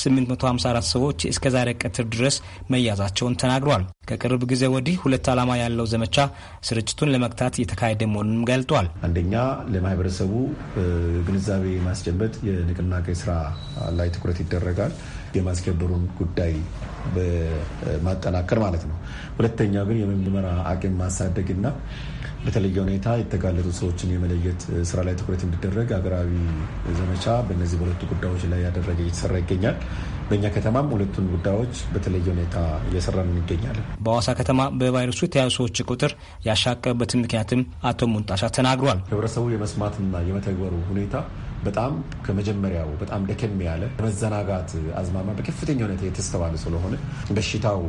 854 ሰዎች እስከ ዛሬ ቀትር ድረስ መያዛቸውን ተናግሯል። ከቅርብ ጊዜ ወዲህ ሁለት ዓላማ ያለው ዘመቻ ስርጭቱን ለመግታት የተካሄደ መሆኑንም ገልጧል። አንደኛ ለማህበረሰቡ ግንዛቤ ማስጨበጥ የንቅናቄ ስራ ላይ ትኩረት ይደረጋል። የማስከበሩን ጉዳይ በማጠናከር ማለት ነው። ሁለተኛው ግን የምርመራ አቅም ማሳደግና በተለየ ሁኔታ የተጋለጡ ሰዎችን የመለየት ስራ ላይ ትኩረት እንዲደረግ ሀገራዊ ዘመቻ በእነዚህ በሁለቱ ጉዳዮች ላይ ያደረገ እየተሰራ ይገኛል። በእኛ ከተማም ሁለቱን ጉዳዮች በተለየ ሁኔታ እየሰራን እንገኛለን። በሐዋሳ ከተማ በቫይረሱ የተያዙ ሰዎች ቁጥር ያሻቀበትን ምክንያትም አቶ ሙንጣሻ ተናግሯል። ህብረተሰቡ የመስማትና የመተግበሩ ሁኔታ በጣም ከመጀመሪያው በጣም ደከም ያለ መዘናጋት አዝማማ በከፍተኛ ሁኔታ የተስተዋለ ስለሆነ በሽታው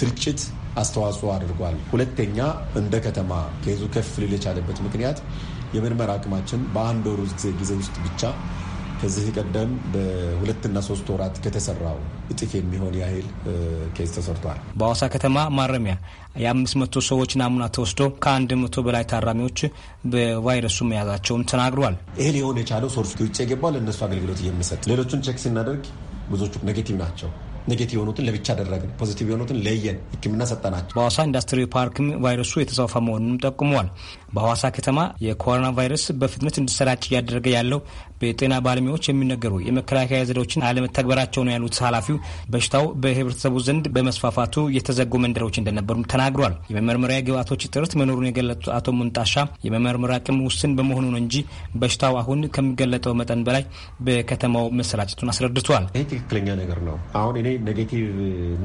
ስርጭት አስተዋጽኦ አድርጓል። ሁለተኛ እንደ ከተማ ከይዙ ከፍ ሊል የቻለበት ምክንያት የምርመራ አቅማችን በአንድ ወር ጊዜ ውስጥ ብቻ ከዚህ ቀደም በሁለትና ሶስት ወራት ከተሰራው እጥፍ የሚሆን ያህል ኬዝ ተሰርቷል። በአዋሳ ከተማ ማረሚያ የአምስት መቶ ሰዎች ናሙና ተወስዶ ከአንድ መቶ በላይ ታራሚዎች በቫይረሱ መያዛቸውን ተናግሯል። ይሄ ሊሆን የቻለው ሶርሱ ውጭ የገባው ለእነሱ አገልግሎት የሚሰጥ ሌሎቹን ቼክ ስናደርግ ብዙዎቹ ኔጌቲቭ ናቸው። ኔጌቲቭ የሆኑትን ለብቻ አደረግን፣ ፖዚቲቭ የሆኑትን ለየን፣ ሕክምና ሰጠናቸው። በአዋሳ ኢንዱስትሪ ፓርክም ቫይረሱ የተስፋፋ መሆኑንም ጠቁመዋል። በሐዋሳ ከተማ የኮሮና ቫይረስ በፍጥነት እንዲሰራጭ እያደረገ ያለው በጤና ባለሙያዎች የሚነገሩ የመከላከያ ዘዴዎችን አለመተግበራቸው ነው ያሉት ኃላፊው በሽታው በህብረተሰቡ ዘንድ በመስፋፋቱ የተዘጉ መንደሮች እንደነበሩም ተናግሯል። የመመርመሪያ ግብአቶች ጥረት መኖሩን የገለጡት አቶ ሙንጣሻ የመመርመሪያ አቅም ውስን በመሆኑ ነው እንጂ በሽታው አሁን ከሚገለጠው መጠን በላይ በከተማው መሰራጨቱን አስረድቷል። ይህ ትክክለኛ ነገር ነው። አሁን እኔ ኔጌቲቭ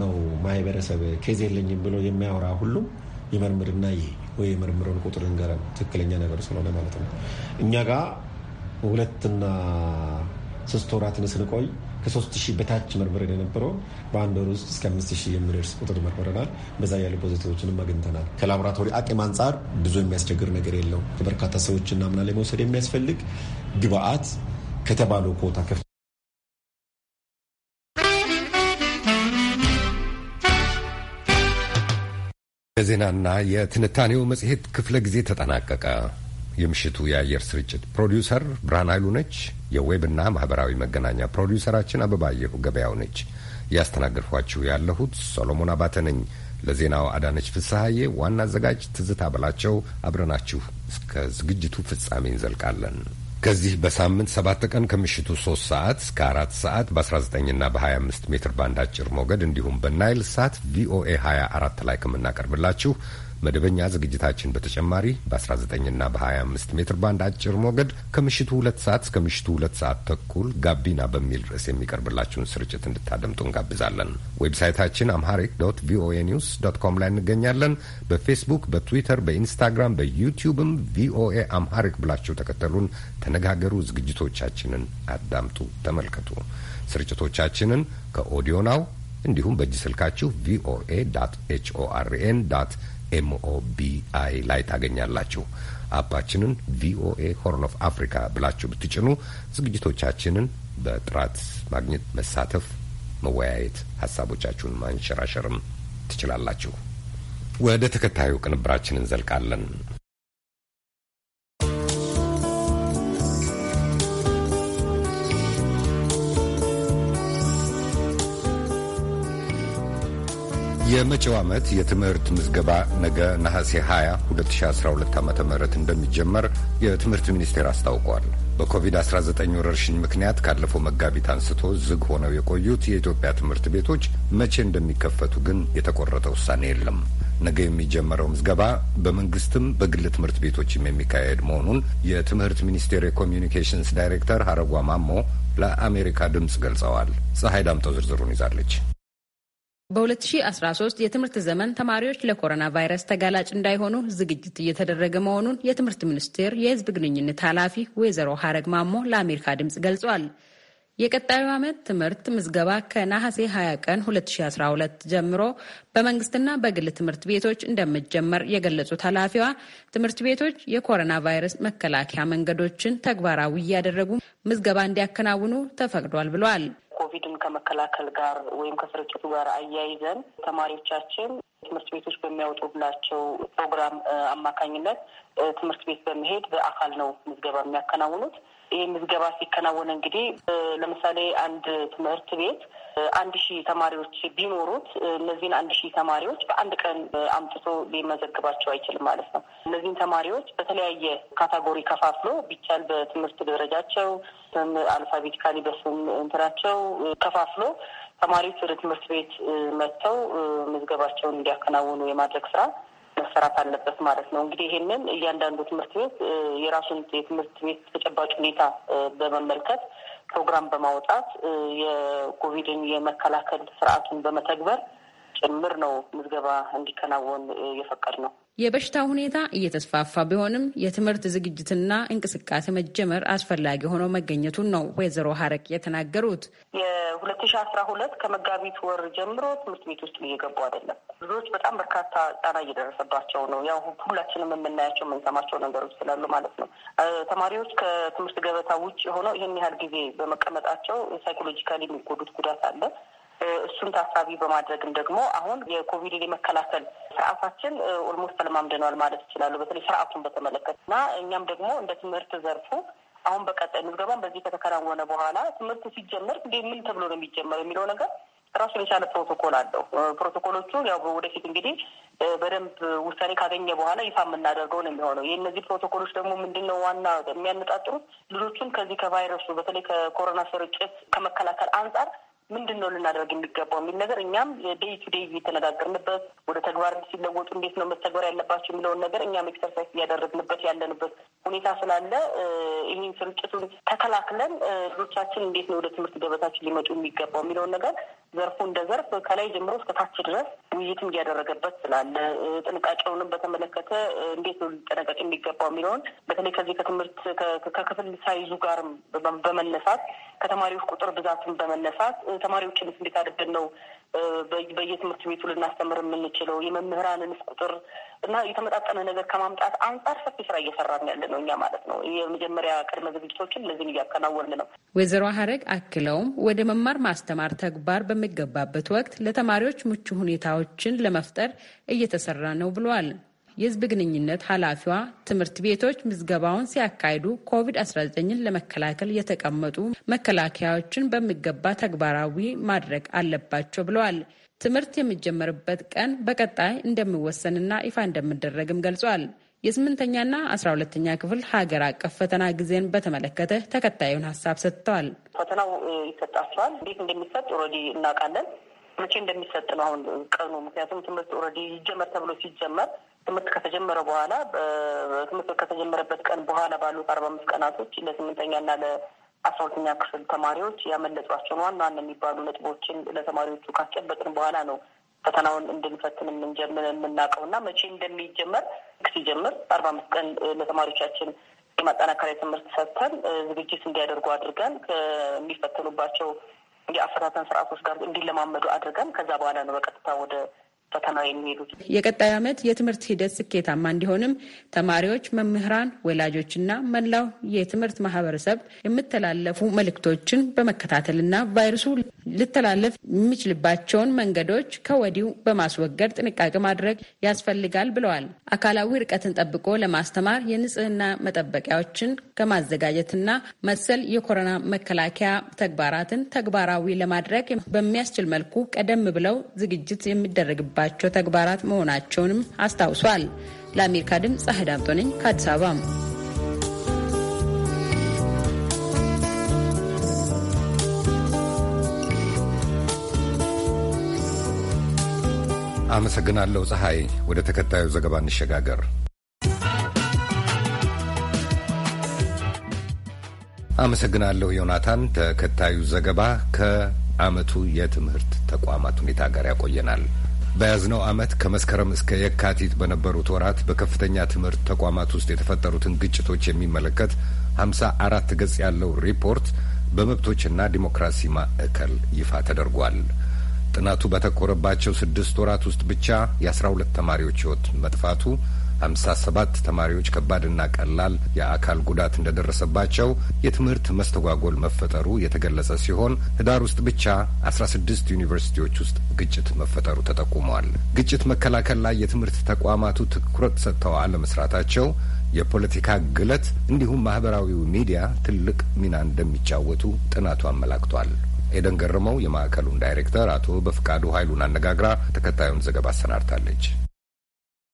ነው ማህበረሰብ ኬዝ የለኝም ብሎ የሚያወራ ሁሉም ይመርምርና ይሄ ወይ የምርምረውን ቁጥር እንገረን ትክክለኛ ነገር ስለሆነ ማለት ነው። እኛ ጋር ሁለትና ሶስት ወራትን ስንቆይ ከሶስት ሺህ በታች መርምረን የነበረውን በአንድ ወር ውስጥ እስከ አምስት ሺህ የሚደርስ ቁጥር መርምረናል። በዛ ያሉ ፖዘቲቮችንም አግኝተናል። ከላቦራቶሪ አቅም አንጻር ብዙ የሚያስቸግር ነገር የለው። በርካታ ሰዎችና ምናምን ለመውሰድ የሚያስፈልግ ግብአት ከተባለው ኮታ ከፍ የዜናና የትንታኔው መጽሔት ክፍለ ጊዜ ተጠናቀቀ። የምሽቱ የአየር ስርጭት ፕሮዲውሰር ብርሃን ኃይሉ ነች። የዌብና ማህበራዊ መገናኛ ፕሮዲውሰራችን አበባየሁ ገበያው ነች። እያስተናገድኳችሁ ያለሁት ሶሎሞን አባተ ነኝ። ለዜናው አዳነች ፍስሐዬ፣ ዋና አዘጋጅ ትዝታ በላቸው። አብረናችሁ እስከ ዝግጅቱ ፍጻሜ እንዘልቃለን። ከዚህ በሳምንት ሰባት ቀን ከምሽቱ ሶስት ሰዓት እስከ አራት ሰዓት በ19ና በ25 ሜትር ባንድ አጭር ሞገድ እንዲሁም በናይል ሳት ቪኦኤ 24 ላይ ከምናቀርብላችሁ መደበኛ ዝግጅታችን በተጨማሪ በ19ና በ25 ሜትር ባንድ አጭር ሞገድ ከምሽቱ ሁለት ሰዓት እስከ ምሽቱ ሁለት ሰዓት ተኩል ጋቢና በሚል ርዕስ የሚቀርብላችሁን ስርጭት እንድታደምጡ እንጋብዛለን። ዌብሳይታችን አምሃሪክ ዶት ቪኦኤ ኒውስ ዶት ኮም ላይ እንገኛለን። በፌስቡክ፣ በትዊተር፣ በኢንስታግራም፣ በዩቲዩብም ቪኦኤ አምሃሪክ ብላችሁ ተከተሉን፣ ተነጋገሩ፣ ዝግጅቶቻችንን አዳምጡ፣ ተመልከቱ። ስርጭቶቻችንን ከኦዲዮ ናው እንዲሁም በእጅ ስልካችሁ ቪኦኤ ዶት ኤችኦአርኤን ኤምኦቢአይ ላይ ታገኛላችሁ። አፓችንን ቪኦኤ ሆርን ኦፍ አፍሪካ ብላችሁ ብትጭኑ ዝግጅቶቻችንን በጥራት ማግኘት፣ መሳተፍ፣ መወያየት፣ ሀሳቦቻችሁን ማንሸራሸርም ትችላላችሁ። ወደ ተከታዩ ቅንብራችን እንዘልቃለን። የመጪው ዓመት የትምህርት ምዝገባ ነገ ነሐሴ 20 2012 ዓ ም እንደሚጀመር የትምህርት ሚኒስቴር አስታውቋል። በኮቪድ-19 ወረርሽኝ ምክንያት ካለፈው መጋቢት አንስቶ ዝግ ሆነው የቆዩት የኢትዮጵያ ትምህርት ቤቶች መቼ እንደሚከፈቱ ግን የተቆረጠ ውሳኔ የለም። ነገ የሚጀመረው ምዝገባ በመንግስትም በግል ትምህርት ቤቶችም የሚካሄድ መሆኑን የትምህርት ሚኒስቴር የኮሚዩኒኬሽንስ ዳይሬክተር ሀረጓ ማሞ ለአሜሪካ ድምፅ ገልጸዋል። ፀሐይ ዳምጠው ዝርዝሩን ይዛለች። በ2013 የትምህርት ዘመን ተማሪዎች ለኮሮና ቫይረስ ተጋላጭ እንዳይሆኑ ዝግጅት እየተደረገ መሆኑን የትምህርት ሚኒስቴር የሕዝብ ግንኙነት ኃላፊ ወይዘሮ ሀረግ ማሞ ለአሜሪካ ድምፅ ገልጿል። የቀጣዩ ዓመት ትምህርት ምዝገባ ከነሐሴ 20 ቀን 2012 ጀምሮ በመንግስትና በግል ትምህርት ቤቶች እንደሚጀመር የገለጹት ኃላፊዋ ትምህርት ቤቶች የኮሮና ቫይረስ መከላከያ መንገዶችን ተግባራዊ እያደረጉ ምዝገባ እንዲያከናውኑ ተፈቅዷል ብሏል። ኮቪድን ከመከላከል ጋር ወይም ከስርጭቱ ጋር አያይዘን ተማሪዎቻችን ትምህርት ቤቶች በሚያወጡላቸው ፕሮግራም አማካኝነት ትምህርት ቤት በመሄድ በአካል ነው ምዝገባ የሚያከናውኑት። ይህ ምዝገባ ሲከናወን እንግዲህ ለምሳሌ አንድ ትምህርት ቤት አንድ ሺህ ተማሪዎች ቢኖሩት እነዚህን አንድ ሺህ ተማሪዎች በአንድ ቀን አምጥቶ ሊመዘግባቸው አይችልም ማለት ነው። እነዚህን ተማሪዎች በተለያየ ካታጎሪ ከፋፍሎ ቢቻል በትምህርት ደረጃቸው አልፋቤቲካሊ በስም እንትናቸው ከፋፍሎ ተማሪዎች ወደ ትምህርት ቤት መጥተው ምዝገባቸውን እንዲያከናውኑ የማድረግ ስራ መሰራት አለበት ማለት ነው። እንግዲህ ይህንን እያንዳንዱ ትምህርት ቤት የራሱን የትምህርት ቤት ተጨባጭ ሁኔታ በመመልከት ፕሮግራም በማውጣት የኮቪድን የመከላከል ስርዓቱን በመተግበር ጭምር ነው ምዝገባ እንዲከናወን እየፈቀድ ነው። የበሽታ ሁኔታ እየተስፋፋ ቢሆንም የትምህርት ዝግጅትና እንቅስቃሴ መጀመር አስፈላጊ ሆኖ መገኘቱን ነው ወይዘሮ ሀረቅ የተናገሩት። የሁለት ሺ አስራ ሁለት ከመጋቢት ወር ጀምሮ ትምህርት ቤት ውስጥ እየገቡ አይደለም። ብዙዎች በጣም በርካታ ጫና እየደረሰባቸው ነው። ያው ሁላችንም የምናያቸው የምንሰማቸው ነገሮች ስላሉ ማለት ነው። ተማሪዎች ከትምህርት ገበታ ውጭ ሆነው ይህን ያህል ጊዜ በመቀመጣቸው ሳይኮሎጂካሊ የሚጎዱት ጉዳት አለ። እሱን ታሳቢ በማድረግም ደግሞ አሁን የኮቪድን የመከላከል ስርዓታችን ኦልሞስት ተለማምደነዋል ማለት ይችላሉ። በተለይ ስርዓቱን በተመለከተ እና እኛም ደግሞ እንደ ትምህርት ዘርፉ አሁን በቀጣይ ምዝገባን በዚህ ከተከናወነ በኋላ ትምህርቱ ሲጀመር እንደ ምን ተብሎ ነው የሚጀመረው የሚለው ነገር ራሱን የቻለ ፕሮቶኮል አለው። ፕሮቶኮሎቹ ያው ወደፊት እንግዲህ በደንብ ውሳኔ ካገኘ በኋላ ይፋ የምናደርገው ነው የሚሆነው። የእነዚህ ፕሮቶኮሎች ደግሞ ምንድን ነው ዋና የሚያነጣጥሩት ልጆቹን ከዚህ ከቫይረሱ በተለይ ከኮሮና ስርጭት ከመከላከል አንጻር ምንድን ነው ልናደርግ የሚገባው የሚል ነገር እኛም ዴይ ቱ ዴይ እየተነጋገርንበት ወደ ተግባር ሲለወጡ እንዴት ነው መተግበር ያለባቸው የሚለውን ነገር እኛም ኤክሰርሳይዝ እያደረግንበት ያለንበት ሁኔታ ስላለ ይህን ስርጭቱን ተከላክለን ልጆቻችን እንዴት ነው ወደ ትምህርት ገበታችን ሊመጡ የሚገባው የሚለውን ነገር ዘርፉ እንደ ዘርፍ ከላይ ጀምሮ እስከ ታች ድረስ ውይይትም እያደረገበት ስላለ ጥንቃቄውንም በተመለከተ እንዴት ነው ሊጠነቀቅ የሚገባው የሚለውን በተለይ ከዚህ ከትምህርት ከክፍል ሳይዙ ጋርም በመነሳት ከተማሪዎች ቁጥር ብዛትም በመነሳት ተማሪዎችን እንዴት አድርገን ነው በየትምህርት ቤቱ ልናስተምር የምንችለው የመምህራንንስ ቁጥር እና የተመጣጠነ ነገር ከማምጣት አንጻር ሰፊ ስራ እየሰራን ያለ ነው እኛ ማለት ነው። የመጀመሪያ ቅድመ ዝግጅቶችን እነዚህም እያከናወን ነው። ወይዘሮ ሀረግ አክለውም ወደ መማር ማስተማር ተግባር በሚገባበት ወቅት ለተማሪዎች ምቹ ሁኔታዎችን ለመፍጠር እየተሰራ ነው ብለዋል። የህዝብ ግንኙነት ኃላፊዋ ትምህርት ቤቶች ምዝገባውን ሲያካሂዱ ኮቪድ-19ን ለመከላከል የተቀመጡ መከላከያዎችን በሚገባ ተግባራዊ ማድረግ አለባቸው ብለዋል። ትምህርት የሚጀመርበት ቀን በቀጣይ እንደሚወሰንና ይፋ እንደሚደረግም ገልጿል። የስምንተኛና አስራ ሁለተኛ ክፍል ሀገር አቀፍ ፈተና ጊዜን በተመለከተ ተከታዩን ሀሳብ ሰጥተዋል። ፈተናው ይሰጣቸዋል። እንዴት እንደሚሰጥ ኦልሬዲ እናውቃለን። መቼ እንደሚሰጥ ነው አሁን ቀኑ። ምክንያቱም ትምህርት ኦልሬዲ ይጀመር ተብሎ ሲጀመር ትምህርት ከተጀመረ በኋላ ትምህርት ከተጀመረበት ቀን በኋላ ባሉት አርባ አምስት ቀናቶች ለስምንተኛና ለአስራ ሁለተኛ ክፍል ተማሪዎች ያመለጧቸውን ዋና ዋና የሚባሉ ነጥቦችን ለተማሪዎቹ ካስጨበጥን በኋላ ነው ፈተናውን እንድንፈትን የምንጀምር የምናውቀው እና መቼ እንደሚጀመር ሲጀምር አርባ አምስት ቀን ለተማሪዎቻችን የማጠናከሪያ ትምህርት ሰጥተን ዝግጅት እንዲያደርጉ አድርገን ከሚፈተኑባቸው የአፈታተን ስርዓቶች ጋር እንዲለማመዱ አድርገን ከዛ በኋላ ነው በቀጥታ ወደ ፈተናው የሚሄዱት። የቀጣይ ዓመት የትምህርት ሂደት ስኬታማ እንዲሆንም ተማሪዎች፣ መምህራን፣ ወላጆችና መላው የትምህርት ማህበረሰብ የምተላለፉ መልእክቶችን በመከታተልና ቫይረሱ ልተላለፍ የሚችልባቸውን መንገዶች ከወዲሁ በማስወገድ ጥንቃቄ ማድረግ ያስፈልጋል ብለዋል። አካላዊ ርቀትን ጠብቆ ለማስተማር የንጽህና መጠበቂያዎችን ከማዘጋጀትና መሰል የኮሮና መከላከያ ተግባራትን ተግባራዊ ለማድረግ በሚያስችል መልኩ ቀደም ብለው ዝግጅት የሚደረግባቸው የሚገባቸው ተግባራት መሆናቸውንም አስታውሷል። ለአሜሪካ ድምፅ ፀሐይ ዳምጦ ነኝ ከአዲስ አበባ አመሰግናለሁ ፀሐይ። ወደ ተከታዩ ዘገባ እንሸጋገር። አመሰግናለሁ ዮናታን። ተከታዩ ዘገባ ከዓመቱ የትምህርት ተቋማት ሁኔታ ጋር ያቆየናል። በያዝነው ዓመት ከመስከረም እስከ የካቲት በነበሩት ወራት በከፍተኛ ትምህርት ተቋማት ውስጥ የተፈጠሩትን ግጭቶች የሚመለከት ሀምሳ አራት ገጽ ያለው ሪፖርት በመብቶችና ዲሞክራሲ ማዕከል ይፋ ተደርጓል። ጥናቱ በተኮረባቸው ስድስት ወራት ውስጥ ብቻ የአስራ ሁለት ተማሪዎች ሕይወት መጥፋቱ ሀምሳ ሰባት ተማሪዎች ከባድና ቀላል የአካል ጉዳት እንደደረሰባቸው የትምህርት መስተጓጎል መፈጠሩ የተገለጸ ሲሆን ህዳር ውስጥ ብቻ 16 ዩኒቨርሲቲዎች ውስጥ ግጭት መፈጠሩ ተጠቁመዋል። ግጭት መከላከል ላይ የትምህርት ተቋማቱ ትኩረት ሰጥተው አለመስራታቸው የፖለቲካ ግለት እንዲሁም ማህበራዊው ሚዲያ ትልቅ ሚና እንደሚጫወቱ ጥናቱ አመላክቷል። ኤደን ገርመው የማዕከሉን ዳይሬክተር አቶ በፍቃዱ ኃይሉን አነጋግራ ተከታዩን ዘገባ አሰናድታለች።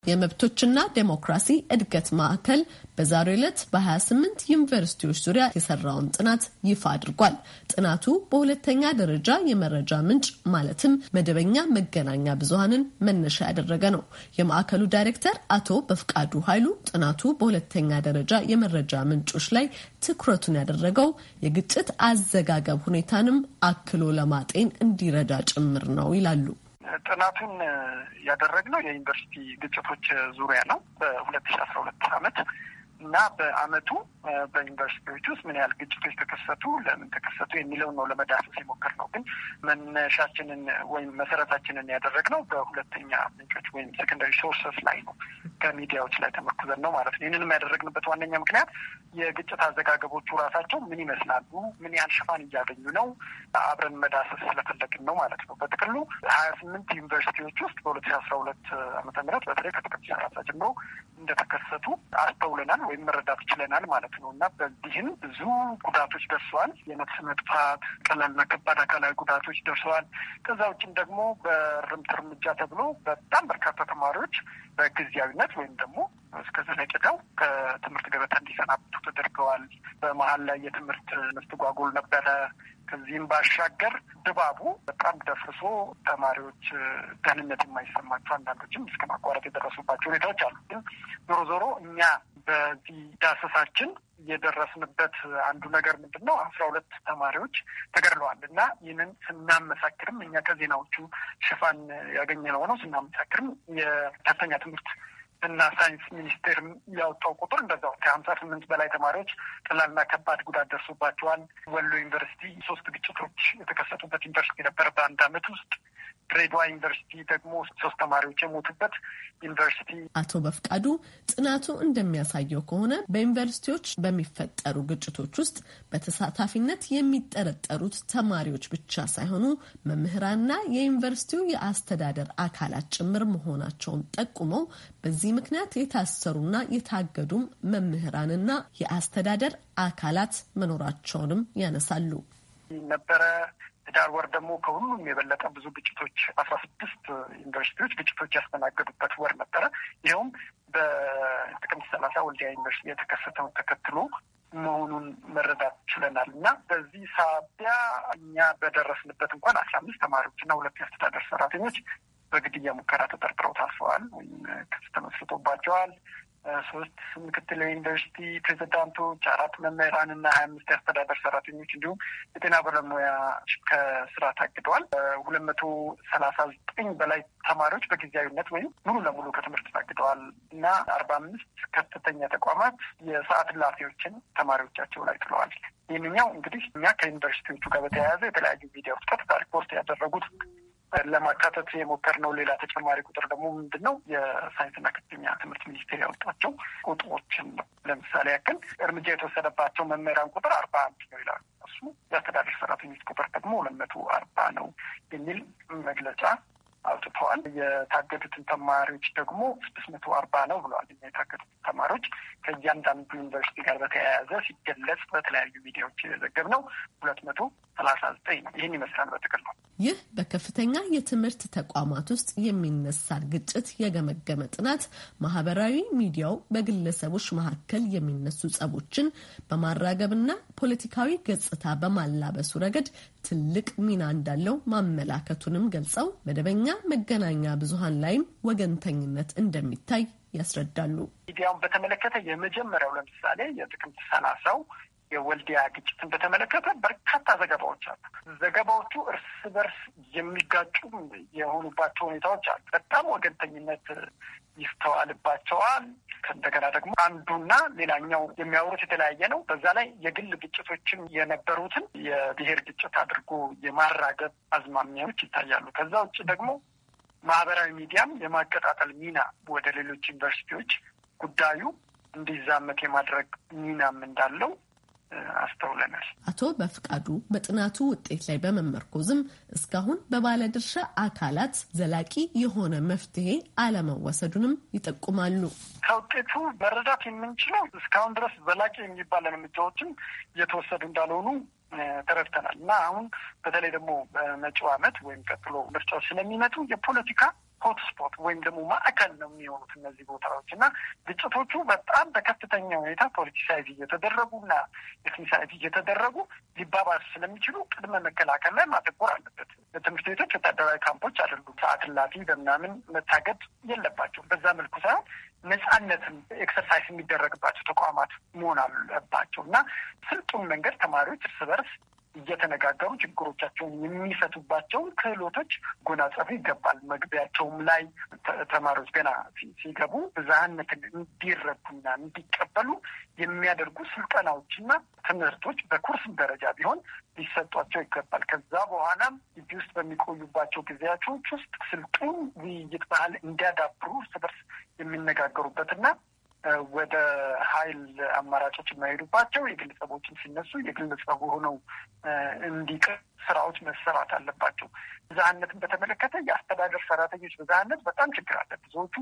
የመብቶችና ዴሞክራሲ እድገት ማዕከል በዛሬው ዕለት በ28 ዩኒቨርሲቲዎች ዙሪያ የሰራውን ጥናት ይፋ አድርጓል። ጥናቱ በሁለተኛ ደረጃ የመረጃ ምንጭ ማለትም መደበኛ መገናኛ ብዙሃንን መነሻ ያደረገ ነው። የማዕከሉ ዳይሬክተር አቶ በፍቃዱ ኃይሉ ጥናቱ በሁለተኛ ደረጃ የመረጃ ምንጮች ላይ ትኩረቱን ያደረገው የግጭት አዘጋገብ ሁኔታንም አክሎ ለማጤን እንዲረዳ ጭምር ነው ይላሉ። ጥናቱን ያደረግነው የዩኒቨርሲቲ ግጭቶች ዙሪያ ነው። በሁለት ሺ አስራ ሁለት አመት እና በአመቱ በዩኒቨርሲቲዎች ውስጥ ምን ያህል ግጭቶች ተከሰቱ፣ ለምን ተከሰቱ የሚለውን ነው ለመዳሰስ ነው ግን መነሻችንን ወይም መሰረታችንን ያደረግነው በሁለተኛ ምንጮች ወይም ሴኮንዳሪ ሶርሰስ ላይ ነው፣ ከሚዲያዎች ላይ ተመርኩዘን ነው ማለት ነው። ይህንንም ያደረግንበት ዋነኛ ምክንያት የግጭት አዘጋገቦቹ ራሳቸው ምን ይመስላሉ፣ ምን ያህል ሽፋን እያገኙ ነው፣ አብረን መዳሰስ ስለፈለግን ነው ማለት ነው። በጥቅሉ ሀያ ስምንት ዩኒቨርሲቲዎች ውስጥ በሁለት ሺ አስራ ሁለት አመተ ምህረት በተለይ ከጥቅምት አራት ጀምሮ እንደተከሰቱ አስተውለናል። ወይም መረዳት ችለናል ማለት ነው እና በዚህም ብዙ ጉዳቶች ደርሰዋል። የነፍስ መጥፋት፣ ቀላልና ከባድ አካላዊ ጉዳቶች ደርሰዋል። ከዛ ውጭም ደግሞ በርምት እርምጃ ተብሎ በጣም በርካታ ተማሪዎች በጊዜያዊነት ወይም ደግሞ እስከ ዘለቄታው ከትምህርት ገበታ እንዲሰናብቱ ተደርገዋል። በመሀል ላይ የትምህርት መስተጓጎል ነበረ። ከዚህም ባሻገር ድባቡ በጣም ደፍርሶ ተማሪዎች ደህንነት የማይሰማቸው አንዳንዶችም እስከ ማቋረጥ የደረሱባቸው ሁኔታዎች አሉ። ግን ዞሮ ዞሮ እኛ በዚህ ዳሰሳችን የደረስንበት አንዱ ነገር ምንድን ነው? አስራ ሁለት ተማሪዎች ተገድለዋል እና ይህንን ስናመሳክርም እኛ ከዜናዎቹ ሽፋን ያገኘነው ነው። ስናመሳክርም የከፍተኛ ትምህርት እና ሳይንስ ሚኒስቴር ያወጣው ቁጥር እንደዛው ከሀምሳ ስምንት በላይ ተማሪዎች ቀላልና ከባድ ጉዳት ደርሶባቸዋል። ወሎ ዩኒቨርሲቲ ሶስት ግጭቶች የተከሰቱበት ዩኒቨርሲቲ ነበር በአንድ አመት ውስጥ ድሬዳዋ ዩኒቨርሲቲ ደግሞ ሶስት ተማሪዎች የሞቱበት ዩኒቨርሲቲ። አቶ በፍቃዱ ጥናቱ እንደሚያሳየው ከሆነ በዩኒቨርሲቲዎች በሚፈጠሩ ግጭቶች ውስጥ በተሳታፊነት የሚጠረጠሩት ተማሪዎች ብቻ ሳይሆኑ መምህራንና የዩኒቨርሲቲው የአስተዳደር አካላት ጭምር መሆናቸውን ጠቁመው በዚህ ምክንያት የታሰሩና የታገዱም መምህራንና የአስተዳደር አካላት መኖራቸውንም ያነሳሉ ነበረ ህዳር ወር ደግሞ ከሁሉም የበለጠ ብዙ ግጭቶች አስራ ስድስት ዩኒቨርሲቲዎች ግጭቶች ያስተናገዱበት ወር ነበረ። ይኸውም በጥቅምት ሰላሳ ወልዲያ ዩኒቨርሲቲ የተከሰተውን ተከትሎ መሆኑን መረዳት ችለናል እና በዚህ ሳቢያ እኛ በደረስንበት እንኳን አስራ አምስት ተማሪዎች እና ሁለት የአስተዳደር ሰራተኞች በግድያ ሙከራ ተጠርጥረው ታስረዋል ወይም ክስ ተመስርቶባቸዋል። ሶስት ምክትል ዩኒቨርሲቲ ፕሬዚዳንቶች፣ አራት መምህራን እና ሀያ አምስት የአስተዳደር ሰራተኞች እንዲሁም የጤና ባለሙያዎች ከስራ ታግደዋል። ሁለት መቶ ሰላሳ ዘጠኝ በላይ ተማሪዎች በጊዜያዊነት ወይም ሙሉ ለሙሉ ከትምህርት ታግደዋል እና አርባ አምስት ከፍተኛ ተቋማት የሰዓት እላፊዎችን ተማሪዎቻቸው ላይ ጥለዋል። ይህንኛው እንግዲህ እኛ ከዩኒቨርሲቲዎቹ ጋር በተያያዘ የተለያዩ ቪዲዮ ውስጠት ሪፖርት ያደረጉት ለማካተት የሞከር ነው ሌላ ተጨማሪ ቁጥር ደግሞ ምንድን ነው የሳይንስና ከፍተኛ ትምህርት ሚኒስቴር ያወጣቸው ቁጥሮችን ነው። ለምሳሌ ያክል እርምጃ የተወሰደባቸው መምህራን ቁጥር አርባ አንድ ነው ይላሉ። እሱ የአስተዳደር ሰራተኞች ቁጥር ደግሞ ሁለት መቶ አርባ ነው የሚል መግለጫ አውጥተዋል። የታገዱትን ተማሪዎች ደግሞ ስድስት መቶ አርባ ነው ብለዋል። የታገዱት ተማሪዎች ከእያንዳንዱ ዩኒቨርሲቲ ጋር በተያያዘ ሲገለጽ በተለያዩ ሚዲያዎች የዘገብ ነው ሁለት መቶ ሰላሳ ዘጠኝ ነው። ይህን ይመስላል በጥቅል ነው። ይህ በከፍተኛ የትምህርት ተቋማት ውስጥ የሚነሳን ግጭት የገመገመ ጥናት ማህበራዊ ሚዲያው በግለሰቦች መካከል የሚነሱ ጸቦችን በማራገብና ፖለቲካዊ ገጽታ በማላበሱ ረገድ ትልቅ ሚና እንዳለው ማመላከቱንም ገልጸው መደበኛ መገናኛ ብዙሃን ላይም ወገንተኝነት እንደሚታይ ያስረዳሉ። ሚዲያውን በተመለከተ የመጀመሪያው ለምሳሌ የጥቅምት ሰላሳው የወልዲያ ግጭትን በተመለከተ በርካታ ዘገባዎች አሉ። ዘገባዎቹ እርስ በርስ የሚጋጩ የሆኑባቸው ሁኔታዎች አሉ። በጣም ወገንተኝነት ይስተዋልባቸዋል። ከእንደገና ደግሞ አንዱና ሌላኛው የሚያወሩት የተለያየ ነው። በዛ ላይ የግል ግጭቶችም የነበሩትን የብሔር ግጭት አድርጎ የማራገብ አዝማሚያዎች ይታያሉ። ከዛ ውጭ ደግሞ ማህበራዊ ሚዲያም የማቀጣጠል ሚና ወደ ሌሎች ዩኒቨርሲቲዎች ጉዳዩ እንዲዛመት የማድረግ ሚናም እንዳለው አስተውለናል። አቶ በፍቃዱ በጥናቱ ውጤት ላይ በመመርኮዝም እስካሁን በባለድርሻ አካላት ዘላቂ የሆነ መፍትሄ አለመወሰዱንም ይጠቁማሉ። ከውጤቱ መረዳት የምንችለው እስካሁን ድረስ ዘላቂ የሚባል እርምጃዎችን እየተወሰዱ እንዳልሆኑ ተረድተናል እና አሁን በተለይ ደግሞ በመጪው ዓመት ወይም ቀጥሎ ምርጫዎች ስለሚመጡ የፖለቲካ ሆትስፖት ወይም ደግሞ ማዕከል ነው የሚሆኑት እነዚህ ቦታዎች እና ግጭቶቹ በጣም በከፍተኛ ሁኔታ ፖለቲሳይዝ እየተደረጉ እና ኤትኒሳይዝ እየተደረጉ ሊባባስ ስለሚችሉ ቅድመ መከላከል ላይ ማተኮር አለበት። ትምህርት ቤቶች ወታደራዊ ካምፖች አይደሉም። ሰዓት እላፊ በምናምን መታገድ የለባቸውም። በዛ መልኩ ሳይሆን ነጻነትም ኤክሰርሳይዝ የሚደረግባቸው ተቋማት መሆን አለባቸው እና ስልጡን መንገድ ተማሪዎች እርስ በርስ እየተነጋገሩ ችግሮቻቸውን የሚፈቱባቸውን ክህሎቶች ጎናጸፉ ይገባል። መግቢያቸውም ላይ ተማሪዎች ገና ሲገቡ ብዝሃነትን እንዲረዱና እንዲቀበሉ የሚያደርጉ ስልጠናዎችና ትምህርቶች በኩርስ ደረጃ ቢሆን ሊሰጧቸው ይገባል። ከዛ በኋላም ግቢ ውስጥ በሚቆዩባቸው ጊዜያቸዎች ውስጥ ስልጡን ውይይት ባህል እንዲያዳብሩ እርስ በርስ የሚነጋገሩበትና ወደ ኃይል አማራጮች የማይሄዱባቸው የግለሰቦችን ሲነሱ የግለሰቡ ሆነው እንዲቀር ስራዎች መሰራት አለባቸው። ብዝሃነትን በተመለከተ የአስተዳደር ሰራተኞች ብዝሃነት በጣም ችግር አለ። ብዙዎቹ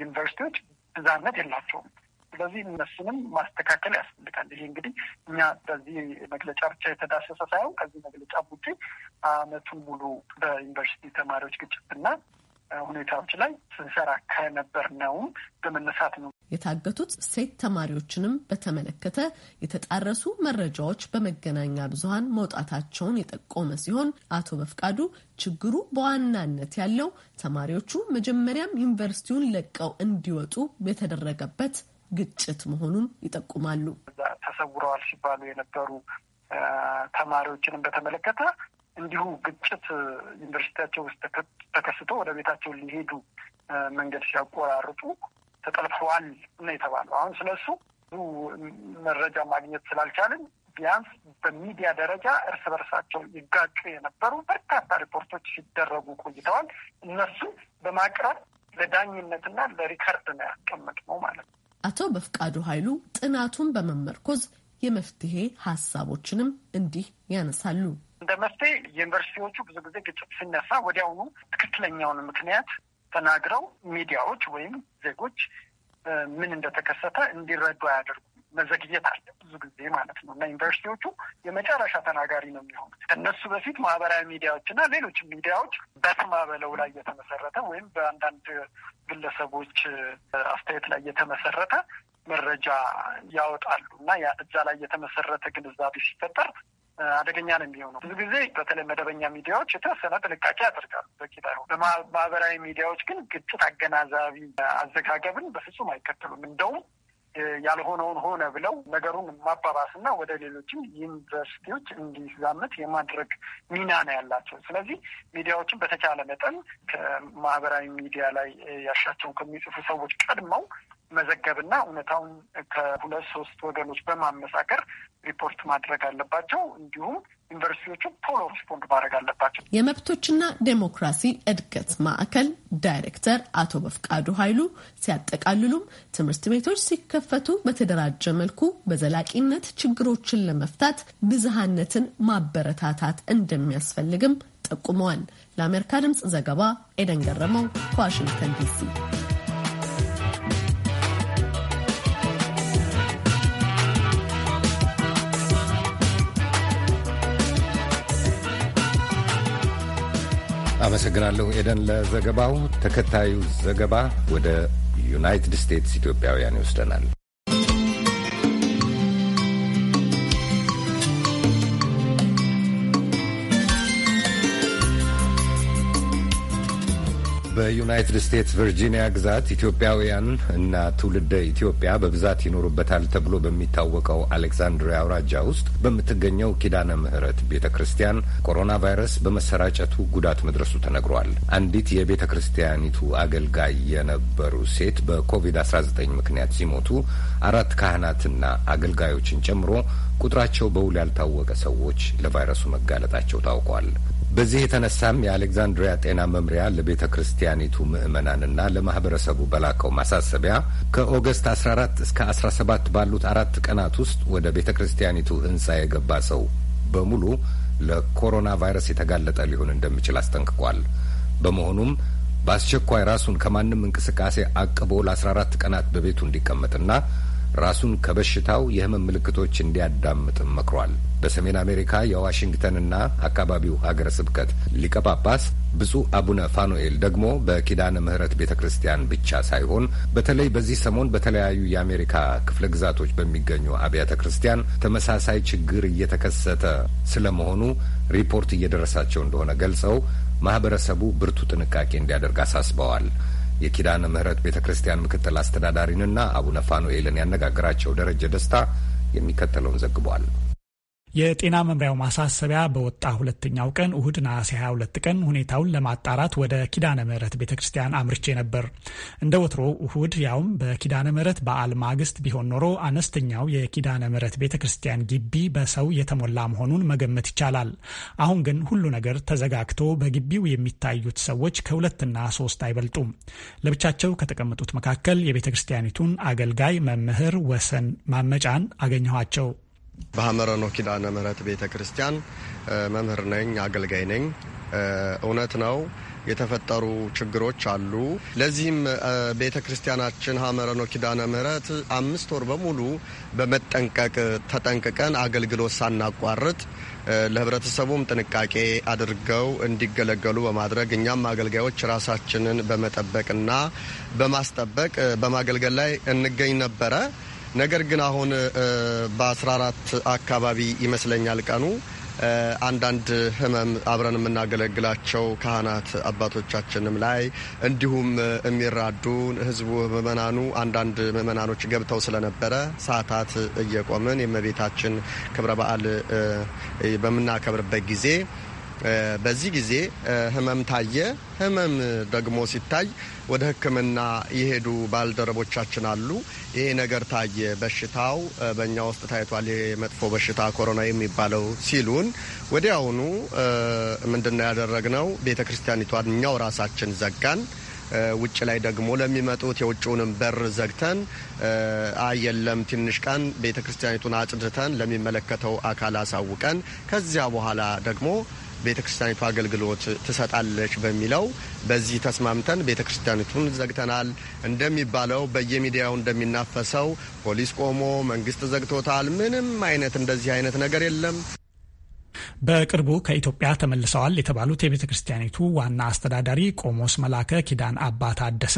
ዩኒቨርሲቲዎች ብዝሃነት የላቸውም። ስለዚህ እነሱንም ማስተካከል ያስፈልጋል። ይሄ እንግዲህ እኛ በዚህ መግለጫ ብቻ የተዳሰሰ ሳይሆን ከዚህ መግለጫ ውጪ አመቱን ሙሉ በዩኒቨርሲቲ ተማሪዎች ግጭትና ሁኔታዎች ላይ ስንሰራ ከነበር ነውም በመነሳት ነው የታገቱት ሴት ተማሪዎችንም በተመለከተ የተጣረሱ መረጃዎች በመገናኛ ብዙኃን መውጣታቸውን የጠቆመ ሲሆን አቶ በፍቃዱ ችግሩ በዋናነት ያለው ተማሪዎቹ መጀመሪያም ዩኒቨርሲቲውን ለቀው እንዲወጡ የተደረገበት ግጭት መሆኑን ይጠቁማሉ። ተሰውረዋል ሲባሉ የነበሩ ተማሪዎችንም በተመለከተ እንዲሁ ግጭት ዩኒቨርሲቲያቸው ውስጥ ተከስቶ ወደ ቤታቸው ሊሄዱ መንገድ ሲያቆራርጡ ተጠልፈዋል ነው የተባለው። አሁን ስለሱ ብዙ መረጃ ማግኘት ስላልቻልን ቢያንስ በሚዲያ ደረጃ እርስ በርሳቸው ይጋጩ የነበሩ በርካታ ሪፖርቶች ሲደረጉ ቆይተዋል። እነሱም በማቅረብ ለዳኝነትና ለሪከርድ ነው ያስቀመጥነው ማለት ነው። አቶ በፍቃዱ ኃይሉ ጥናቱን በመመርኮዝ የመፍትሄ ሀሳቦችንም እንዲህ ያነሳሉ። እንደ መፍትሄ ዩኒቨርሲቲዎቹ ብዙ ጊዜ ግጭት ሲነሳ ወዲያውኑ ትክክለኛውን ምክንያት ተናግረው ሚዲያዎች ወይም ዜጎች ምን እንደተከሰተ እንዲረዱ አያደርጉም። መዘግየት አለ ብዙ ጊዜ ማለት ነው እና ዩኒቨርሲቲዎቹ የመጨረሻ ተናጋሪ ነው የሚሆኑት። እነሱ በፊት ማህበራዊ ሚዲያዎች እና ሌሎች ሚዲያዎች በስማ በለው ላይ የተመሰረተ ወይም በአንዳንድ ግለሰቦች አስተያየት ላይ የተመሰረተ መረጃ ያወጣሉ እና እዛ ላይ የተመሰረተ ግንዛቤ ሲፈጠር አደገኛ ነው የሚሆነው። ብዙ ጊዜ በተለይ መደበኛ ሚዲያዎች የተወሰነ ጥንቃቄ ያደርጋሉ፣ በቂ ባይሆን። በማህበራዊ ሚዲያዎች ግን ግጭት አገናዛቢ አዘጋገብን በፍጹም አይከተሉም። እንደውም ያልሆነውን ሆነ ብለው ነገሩን ማባባስና ወደ ሌሎችም ዩኒቨርሲቲዎች እንዲዛመት የማድረግ ሚና ነው ያላቸው። ስለዚህ ሚዲያዎችን በተቻለ መጠን ከማህበራዊ ሚዲያ ላይ ያሻቸውን ከሚጽፉ ሰዎች ቀድመው መዘገብና እውነታውን ከሁለት ሶስት ወገኖች በማመሳከር ሪፖርት ማድረግ አለባቸው። እንዲሁም ዩኒቨርሲቲዎቹ ቶሎ ሪስፖንድ ማድረግ አለባቸው። የመብቶችና ዴሞክራሲ እድገት ማዕከል ዳይሬክተር አቶ በፍቃዱ ኃይሉ ሲያጠቃልሉም ትምህርት ቤቶች ሲከፈቱ በተደራጀ መልኩ በዘላቂነት ችግሮችን ለመፍታት ብዝሃነትን ማበረታታት እንደሚያስፈልግም ጠቁመዋል። ለአሜሪካ ድምፅ ዘገባ ኤደን ገረመው ከዋሽንግተን ዲሲ አመሰግናለሁ ኤደን ለዘገባው። ተከታዩ ዘገባ ወደ ዩናይትድ ስቴትስ ኢትዮጵያውያን ይወስደናል። በዩናይትድ ስቴትስ ቨርጂኒያ ግዛት ኢትዮጵያውያን እና ትውልደ ኢትዮጵያ በብዛት ይኖሩበታል ተብሎ በሚታወቀው አሌክዛንድሪያ አውራጃ ውስጥ በምትገኘው ኪዳነ ምሕረት ቤተ ክርስቲያን ኮሮና ቫይረስ በመሰራጨቱ ጉዳት መድረሱ ተነግሯል። አንዲት የቤተ ክርስቲያኒቱ አገልጋይ የነበሩ ሴት በኮቪድ-19 ምክንያት ሲሞቱ አራት ካህናትና አገልጋዮችን ጨምሮ ቁጥራቸው በውል ያልታወቀ ሰዎች ለቫይረሱ መጋለጣቸው ታውቋል። በዚህ የተነሳም የአሌክዛንድሪያ ጤና መምሪያ ለቤተ ክርስቲያኒቱ ምዕመናንና ለማህበረሰቡ በላከው ማሳሰቢያ ከኦገስት 14 እስከ 17 ባሉት አራት ቀናት ውስጥ ወደ ቤተ ክርስቲያኒቱ ህንፃ የገባ ሰው በሙሉ ለኮሮና ቫይረስ የተጋለጠ ሊሆን እንደሚችል አስጠንቅቋል። በመሆኑም በአስቸኳይ ራሱን ከማንም እንቅስቃሴ አቅቦ ለ14 ቀናት በቤቱ እንዲቀመጥና ራሱን ከበሽታው የህመም ምልክቶች እንዲያዳምጥም መክሯል። በሰሜን አሜሪካ የዋሽንግተንና አካባቢው ሀገረ ስብከት ሊቀ ጳጳስ ብፁዕ አቡነ ፋኑኤል ደግሞ በኪዳነ ምሕረት ቤተ ክርስቲያን ብቻ ሳይሆን በተለይ በዚህ ሰሞን በተለያዩ የአሜሪካ ክፍለ ግዛቶች በሚገኙ አብያተ ክርስቲያን ተመሳሳይ ችግር እየተከሰተ ስለመሆኑ ሪፖርት እየደረሳቸው እንደሆነ ገልጸው ማህበረሰቡ ብርቱ ጥንቃቄ እንዲያደርግ አሳስበዋል። የኪዳነ ምሕረት ቤተ ክርስቲያን ምክትል አስተዳዳሪንና አቡነ ፋኑኤልን ያነጋገራቸው ደረጀ ደስታ የሚከተለውን ዘግቧል። የጤና መምሪያው ማሳሰቢያ በወጣ ሁለተኛው ቀን እሁድ ነሐሴ 22 ቀን ሁኔታውን ለማጣራት ወደ ኪዳነ ምሕረት ቤተ ክርስቲያን አምርቼ ነበር። እንደ ወትሮ እሁድ ያውም በኪዳነ ምሕረት በዓል ማግስት ቢሆን ኖሮ አነስተኛው የኪዳነ ምሕረት ቤተ ክርስቲያን ግቢ በሰው የተሞላ መሆኑን መገመት ይቻላል። አሁን ግን ሁሉ ነገር ተዘጋግቶ በግቢው የሚታዩት ሰዎች ከሁለትና ሶስት አይበልጡም። ለብቻቸው ከተቀመጡት መካከል የቤተ ክርስቲያኒቱን አገልጋይ መምህር ወሰን ማመጫን አገኘኋቸው። በሀመረኖ ኪዳነ ምሕረት ቤተ ክርስቲያን መምህር ነኝ፣ አገልጋይ ነኝ። እውነት ነው የተፈጠሩ ችግሮች አሉ። ለዚህም ቤተ ክርስቲያናችን ሀመረኖ ኪዳነ ምሕረት አምስት ወር በሙሉ በመጠንቀቅ ተጠንቅቀን አገልግሎት ሳናቋርጥ ለህብረተሰቡም ጥንቃቄ አድርገው እንዲገለገሉ በማድረግ እኛም አገልጋዮች ራሳችንን በመጠበቅና በማስጠበቅ በማገልገል ላይ እንገኝ ነበረ። ነገር ግን አሁን በ14 አካባቢ ይመስለኛል ቀኑ አንዳንድ ህመም አብረን የምናገለግላቸው ካህናት አባቶቻችንም ላይ እንዲሁም የሚራዱ ህዝቡ ምእመናኑ አንዳንድ ምእመናኖች ገብተው ስለነበረ ሰዓታት እየቆምን የእመቤታችን ክብረ በዓል በምናከብርበት ጊዜ በዚህ ጊዜ ህመም ታየ። ህመም ደግሞ ሲታይ ወደ ሕክምና የሄዱ ባልደረቦቻችን አሉ። ይሄ ነገር ታየ፣ በሽታው በእኛ ውስጥ ታይቷል፣ የመጥፎ በሽታ ኮሮና የሚባለው ሲሉን ወዲያውኑ ምንድነው ያደረግነው? ቤተ ክርስቲያኒቷን እኛው ራሳችን ዘጋን። ውጭ ላይ ደግሞ ለሚመጡት የውጭውንም በር ዘግተን አየለም ትንሽ ቀን ቤተ ክርስቲያኒቱን አጽድተን ለሚመለከተው አካል አሳውቀን ከዚያ በኋላ ደግሞ ቤተ ክርስቲያኒቱ አገልግሎት ትሰጣለች በሚለው በዚህ ተስማምተን ቤተ ክርስቲያኒቱን ዘግተናል። እንደሚባለው በየሚዲያው እንደሚናፈሰው ፖሊስ ቆሞ መንግስት ዘግቶታል። ምንም አይነት እንደዚህ አይነት ነገር የለም። በቅርቡ ከኢትዮጵያ ተመልሰዋል የተባሉት የቤተ ክርስቲያኒቱ ዋና አስተዳዳሪ ቆሞስ መላከ ኪዳን አባ ታደሰ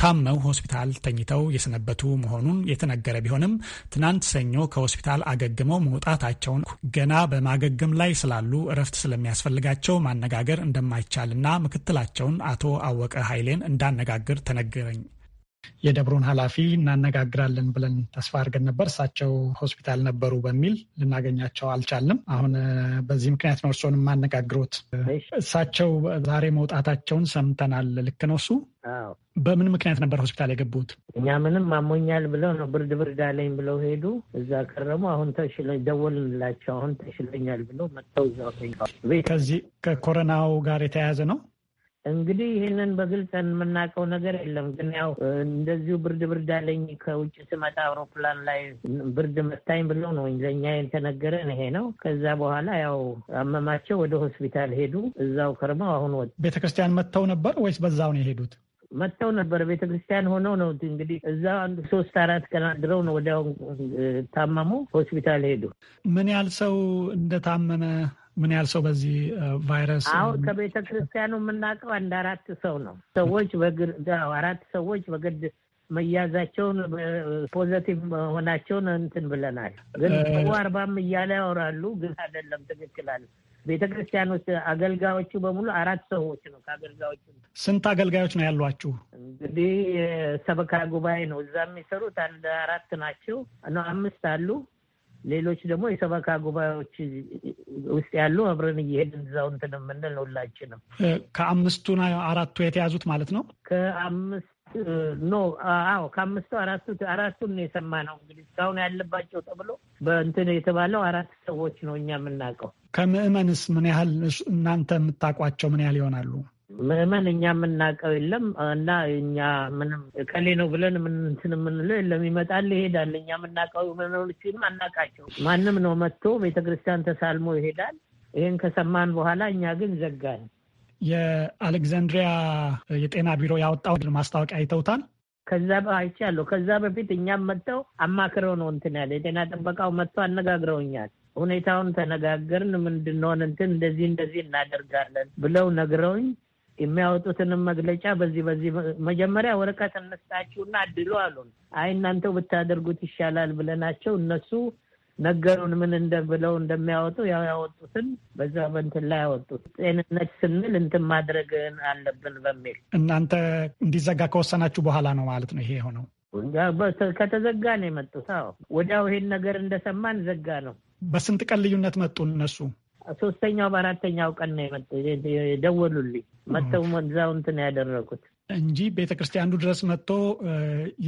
ታመው ሆስፒታል ተኝተው የሰነበቱ መሆኑን የተነገረ ቢሆንም ትናንት ሰኞ ከሆስፒታል አገግመው መውጣታቸውን ገና በማገገም ላይ ስላሉ እረፍት ስለሚያስፈልጋቸው ማነጋገር እንደማይቻልና ምክትላቸውን አቶ አወቀ ኃይሌን እንዳነጋግር ተነገረኝ። የደብሩን ኃላፊ እናነጋግራለን ብለን ተስፋ አድርገን ነበር። እሳቸው ሆስፒታል ነበሩ በሚል ልናገኛቸው አልቻልንም። አሁን በዚህ ምክንያት ነው እርስዎን የማነጋግሮት። እሳቸው ዛሬ መውጣታቸውን ሰምተናል። ልክ ነው እሱ? በምን ምክንያት ነበር ሆስፒታል የገቡት? እኛ ምንም አሞኛል ብለው ነው ብርድ ብርድ አለኝ ብለው ሄዱ። እዛ ቀረሙ። አሁን ተሽለኝ ደወልንላቸው። አሁን ተሽለኛል ብለው መጥተው እዛው ከዚህ ከኮረናው ጋር የተያያዘ ነው እንግዲህ ይህንን በግልጽ የምናውቀው ነገር የለም። ግን ያው እንደዚሁ ብርድ ብርድ አለኝ ከውጭ ስመጣ አውሮፕላን ላይ ብርድ መታኝ ብለው ነው ለእኛ የተነገረን ይሄ ነው። ከዛ በኋላ ያው አመማቸው፣ ወደ ሆስፒታል ሄዱ። እዛው ከርመው አሁን ወ ቤተ ክርስቲያን መጥተው ነበር ወይስ በዛው ነው የሄዱት? መጥተው ነበር ቤተ ክርስቲያን ሆነው ነው እንግዲህ እዛ አንድ ሶስት አራት ቀን አድረው ነው ወዲያው ታመሙ፣ ሆስፒታል ሄዱ። ምን ያህል ሰው እንደታመመ ምን ያህል ሰው በዚህ ቫይረስ? አሁን ከቤተ ክርስቲያኑ የምናውቀው አንድ አራት ሰው ነው። ሰዎች አራት ሰዎች በግድ መያዛቸውን ፖዘቲቭ መሆናቸውን እንትን ብለናል። ግን ሰው አርባም እያለ ያወራሉ። ግን አይደለም ትክክል አለ። ቤተ ውስጥ አገልጋዮቹ በሙሉ አራት ሰዎች ነው። ከአገልጋዮቹ ስንት አገልጋዮች ነው ያሏችሁ? እንግዲህ ሰበካ ጉባኤ ነው እዛ የሚሰሩት አንድ አራት ናቸው ነው አምስት አሉ። ሌሎች ደግሞ የሰበካ ጉባኤዎች ውስጥ ያሉ አብረን እየሄድን እዛው እንትን የምንል ሁላችንም ከአምስቱ አራቱ የተያዙት ማለት ነው። ከአምስት ኖ አዎ፣ ከአምስቱ አራቱ አራቱን የሰማ ነው እንግዲህ እስካሁን ያለባቸው ተብሎ በእንትን የተባለው አራት ሰዎች ነው እኛ የምናውቀው። ከምዕመንስ ምን ያህል እናንተ የምታውቋቸው ምን ያህል ይሆናሉ? ምዕመን እኛ የምናውቀው የለም እና እኛ ምንም እከሌ ነው ብለን ምንትን የምንለው የለም። ይመጣል ይሄዳል። እኛ የምናውቀው ምኖችንም አናውቃቸው። ማንም ነው መጥቶ ቤተክርስቲያን ተሳልሞ ይሄዳል። ይህን ከሰማን በኋላ እኛ ግን ዘጋን። የአሌክዛንድሪያ የጤና ቢሮ ያወጣው ማስታወቂያ አይተውታል። ከዛ አይቻለሁ። ከዛ በፊት እኛም መጥተው አማክረው ነው እንትን ያለ የጤና ጥበቃው መጥቶ አነጋግረውኛል። ሁኔታውን ተነጋገርን። ምንድንሆን እንትን እንደዚህ እንደዚህ እናደርጋለን ብለው ነግረውኝ የሚያወጡትንም መግለጫ በዚህ በዚህ መጀመሪያ ወረቀት እንስጣችሁና አድሉ አሉን። አይ እናንተው ብታደርጉት ይሻላል ብለናቸው እነሱ ነገሩን ምን እንደ ብለው እንደሚያወጡ ያው ያወጡትን በዛ በንትን ላይ ያወጡት ጤንነት ስንል እንትን ማድረግ አለብን በሚል እናንተ እንዲዘጋ ከወሰናችሁ በኋላ ነው ማለት ነው ይሄ የሆነው። ከተዘጋ ነው የመጡት። አዎ ወዲያው ይሄን ነገር እንደሰማን ዘጋ ነው። በስንት ቀን ልዩነት መጡ እነሱ? ሶስተኛው በአራተኛው ቀን ነው የመጡ የደወሉልኝ መጥተው እዛው እንትን ያደረጉት እንጂ ቤተ ክርስቲያኑ ድረስ መጥቶ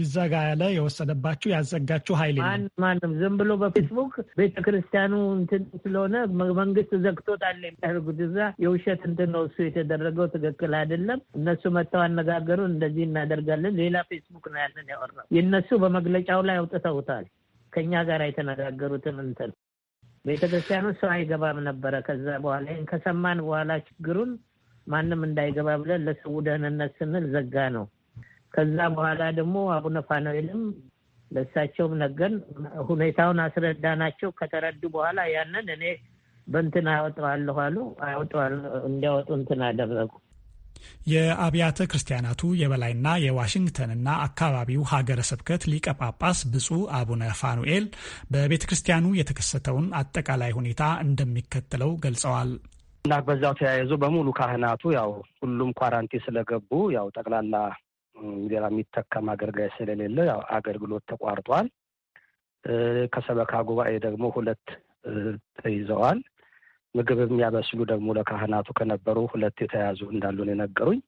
ይዘጋ ያለ የወሰደባችሁ ያዘጋችሁ ኃይል ማንም ዝም ብሎ በፌስቡክ ቤተ ክርስቲያኑ እንትን ስለሆነ መንግስት ዘግቶታል የሚያደርጉት እዛ የውሸት እንትን ነው። እሱ የተደረገው ትክክል አይደለም። እነሱ መጥተው አነጋገሩ። እንደዚህ እናደርጋለን። ሌላ ፌስቡክ ነው ያንን ያወራው። የእነሱ በመግለጫው ላይ አውጥተውታል። ከኛ ጋር የተነጋገሩትን እንትን ቤተክርስቲያን ሰው አይገባም ነበረ። ከዛ በኋላ ይህን ከሰማን በኋላ ችግሩን ማንም እንዳይገባ ብለን ለሰው ደህንነት ስንል ዘጋ ነው። ከዛ በኋላ ደግሞ አቡነ ፋኖኤልም ለእሳቸውም ነገን ሁኔታውን አስረዳናቸው። ከተረዱ በኋላ ያንን እኔ በእንትን አወጣዋለሁ አሉ። አወጣዋለሁ እንዲያወጡ እንትን አደረጉ። የአብያተ ክርስቲያናቱ የበላይና የዋሽንግተንና አካባቢው ሀገረ ስብከት ሊቀ ጳጳስ ብፁዕ አቡነ ፋኑኤል በቤተ ክርስቲያኑ የተከሰተውን አጠቃላይ ሁኔታ እንደሚከተለው ገልጸዋል። እና በዛው ተያይዞ በሙሉ ካህናቱ ያው ሁሉም ኳራንቲ ስለገቡ ያው ጠቅላላ ሌላ የሚተከም አገልጋይ ስለሌለ ያው አገልግሎት ተቋርጧል። ከሰበካ ጉባኤ ደግሞ ሁለት ተይዘዋል። ምግብ የሚያበስሉ ደግሞ ለካህናቱ ከነበሩ ሁለት የተያዙ እንዳሉን የነገሩኝ።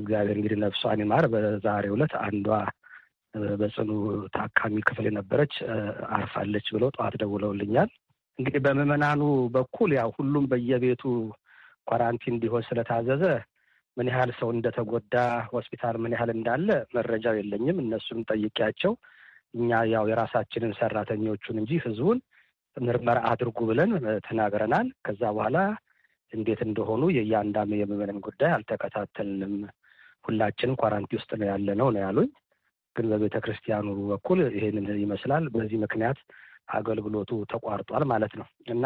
እግዚአብሔር እንግዲህ ነፍሷን ይማር። በዛሬው ዕለት አንዷ በጽኑ ታካሚ ክፍል የነበረች አርፋለች ብለው ጠዋት ደውለውልኛል። እንግዲህ በምዕመናኑ በኩል ያው ሁሉም በየቤቱ ኳራንቲን እንዲሆን ስለታዘዘ ምን ያህል ሰው እንደተጎዳ ሆስፒታል ምን ያህል እንዳለ መረጃው የለኝም። እነሱም ጠይቄያቸው እኛ ያው የራሳችንን ሰራተኞቹን እንጂ ህዝቡን ምርመራ አድርጉ ብለን ተናግረናል። ከዛ በኋላ እንዴት እንደሆኑ የእያንዳንዱ የምዕመናን ጉዳይ አልተከታተልንም። ሁላችንም ኳራንቲ ውስጥ ነው ያለ ነው ነው ያሉኝ። ግን በቤተ ክርስቲያኑ በኩል ይሄንን ይመስላል። በዚህ ምክንያት አገልግሎቱ ተቋርጧል ማለት ነው እና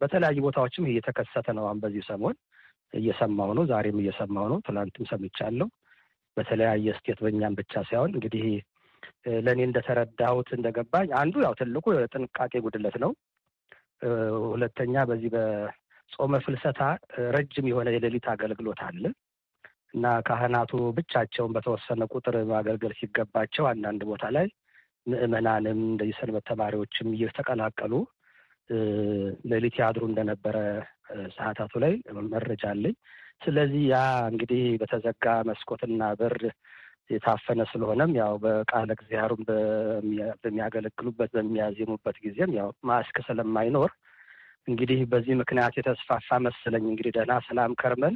በተለያዩ ቦታዎችም እየተከሰተ ነው። አሁን በዚህ ሰሞን እየሰማሁ ነው፣ ዛሬም እየሰማሁ ነው፣ ትላንትም ሰምቻለሁ። በተለያየ ስቴት በእኛም ብቻ ሳይሆን እንግዲህ ለእኔ እንደተረዳሁት እንደገባኝ አንዱ ያው ትልቁ የጥንቃቄ ጉድለት ነው። ሁለተኛ በዚህ በጾመ ፍልሰታ ረጅም የሆነ የሌሊት አገልግሎት አለ እና ካህናቱ ብቻቸውን በተወሰነ ቁጥር ማገልገል ሲገባቸው አንዳንድ ቦታ ላይ ምዕመናንም እንደዚህ ሰንበት ተማሪዎችም እየተቀላቀሉ ሌሊት ያድሩ እንደነበረ ሰዓታቱ ላይ መረጃ አለኝ። ስለዚህ ያ እንግዲህ በተዘጋ መስኮትና በር የታፈነ ስለሆነም ያው በቃለ እግዚአብሔሩን በሚያገለግሉበት በሚያዜሙበት ጊዜም ያው ማስክ ስለማይኖር እንግዲህ በዚህ ምክንያት የተስፋፋ መሰለኝ። እንግዲህ ደህና ሰላም ከርመን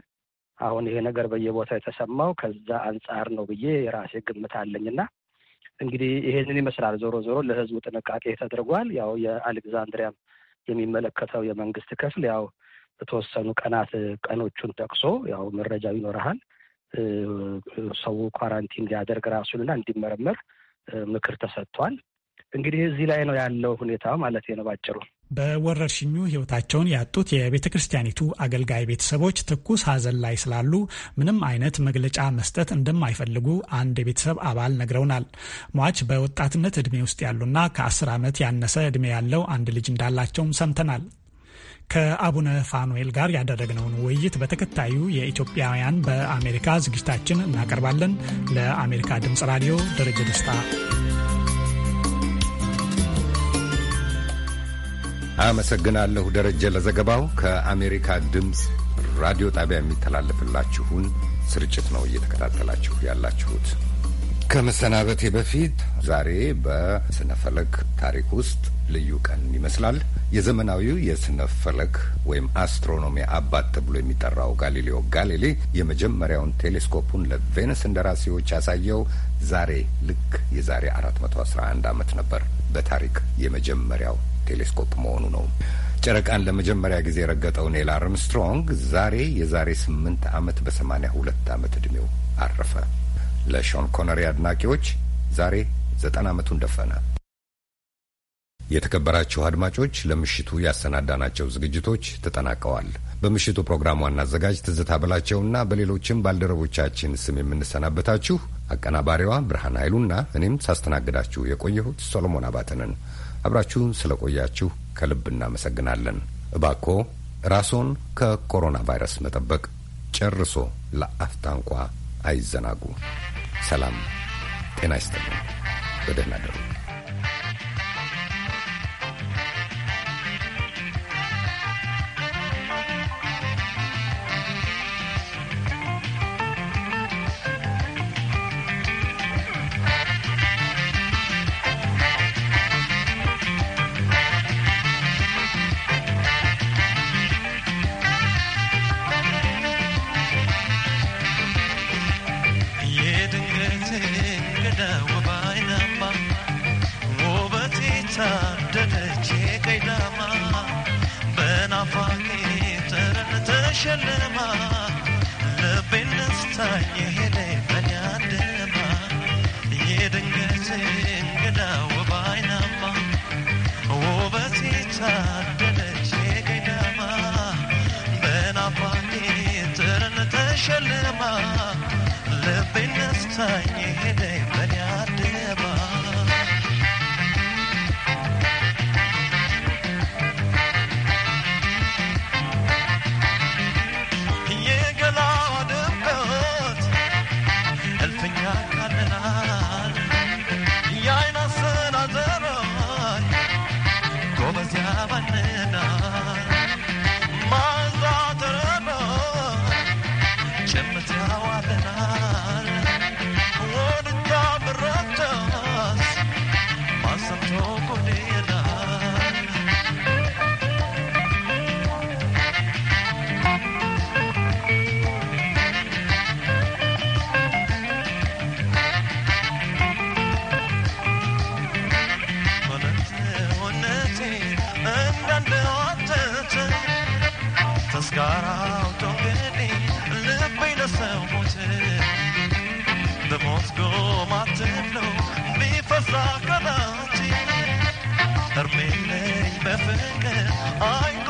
አሁን ይሄ ነገር በየቦታው የተሰማው ከዛ አንጻር ነው ብዬ የራሴ ግምት አለኝና እንግዲህ ይሄንን ይመስላል። ዞሮ ዞሮ ለህዝቡ ጥንቃቄ ተደርጓል። ያው የአሌክዛንድሪያም የሚመለከተው የመንግስት ክፍል ያው የተወሰኑ ቀናት ቀኖቹን ጠቅሶ ያው መረጃው ይኖረሃል ሰው ኳራንቲን ሊያደርግ ራሱንና እንዲመረመር ምክር ተሰጥቷል። እንግዲህ እዚህ ላይ ነው ያለው ሁኔታ ማለት ነው ባጭሩ። በወረርሽኙ ህይወታቸውን ያጡት የቤተ ክርስቲያኒቱ አገልጋይ ቤተሰቦች ትኩስ ሀዘን ላይ ስላሉ ምንም አይነት መግለጫ መስጠት እንደማይፈልጉ አንድ የቤተሰብ አባል ነግረውናል። ሟች በወጣትነት እድሜ ውስጥ ያሉና ከአስር ዓመት ያነሰ እድሜ ያለው አንድ ልጅ እንዳላቸውም ሰምተናል። ከአቡነ ፋኑኤል ጋር ያደረግነውን ውይይት በተከታዩ የኢትዮጵያውያን በአሜሪካ ዝግጅታችን እናቀርባለን። ለአሜሪካ ድምፅ ራዲዮ ደረጀ ደስታ አመሰግናለሁ። ደረጀ ለዘገባው። ከአሜሪካ ድምፅ ራዲዮ ጣቢያ የሚተላለፍላችሁን ስርጭት ነው እየተከታተላችሁ ያላችሁት። ከመሰናበቴ በፊት ዛሬ በስነፈለክ ታሪክ ውስጥ ልዩ ቀን ይመስላል። የዘመናዊው የስነ ፈለክ ወይም አስትሮኖሚ አባት ተብሎ የሚጠራው ጋሊሌዮ ጋሊሌ የመጀመሪያውን ቴሌስኮፑን ለቬነስ እንደራሴዎች ያሳየው ዛሬ ልክ የዛሬ 411 ዓመት ነበር። በታሪክ የመጀመሪያው ቴሌስኮፕ መሆኑ ነው። ጨረቃን ለመጀመሪያ ጊዜ የረገጠው ኔል አርምስትሮንግ ዛሬ የዛሬ 8 ዓመት በ82 ዓመት ዕድሜው አረፈ። ለሾን ኮነሪ አድናቂዎች ዛሬ ዘጠና ዓመቱን ደፈነ። የተከበራችሁ አድማጮች ለምሽቱ ያሰናዳናቸው ዝግጅቶች ተጠናቀዋል። በምሽቱ ፕሮግራም ዋና አዘጋጅ ትዝታ በላቸውና በሌሎችም ባልደረቦቻችን ስም የምንሰናበታችሁ አቀናባሪዋ ብርሃን ኃይሉና እኔም ሳስተናግዳችሁ የቆየሁት ሶሎሞን አባተንን አብራችሁን ስለ ቆያችሁ ከልብ እናመሰግናለን። እባኮ ራስዎን ከኮሮና ቫይረስ መጠበቅ ጨርሶ ለአፍታ እንኳ አይዘናጉ። ሰላም ጤና ይስጥልኝ። በደህና ደሩ።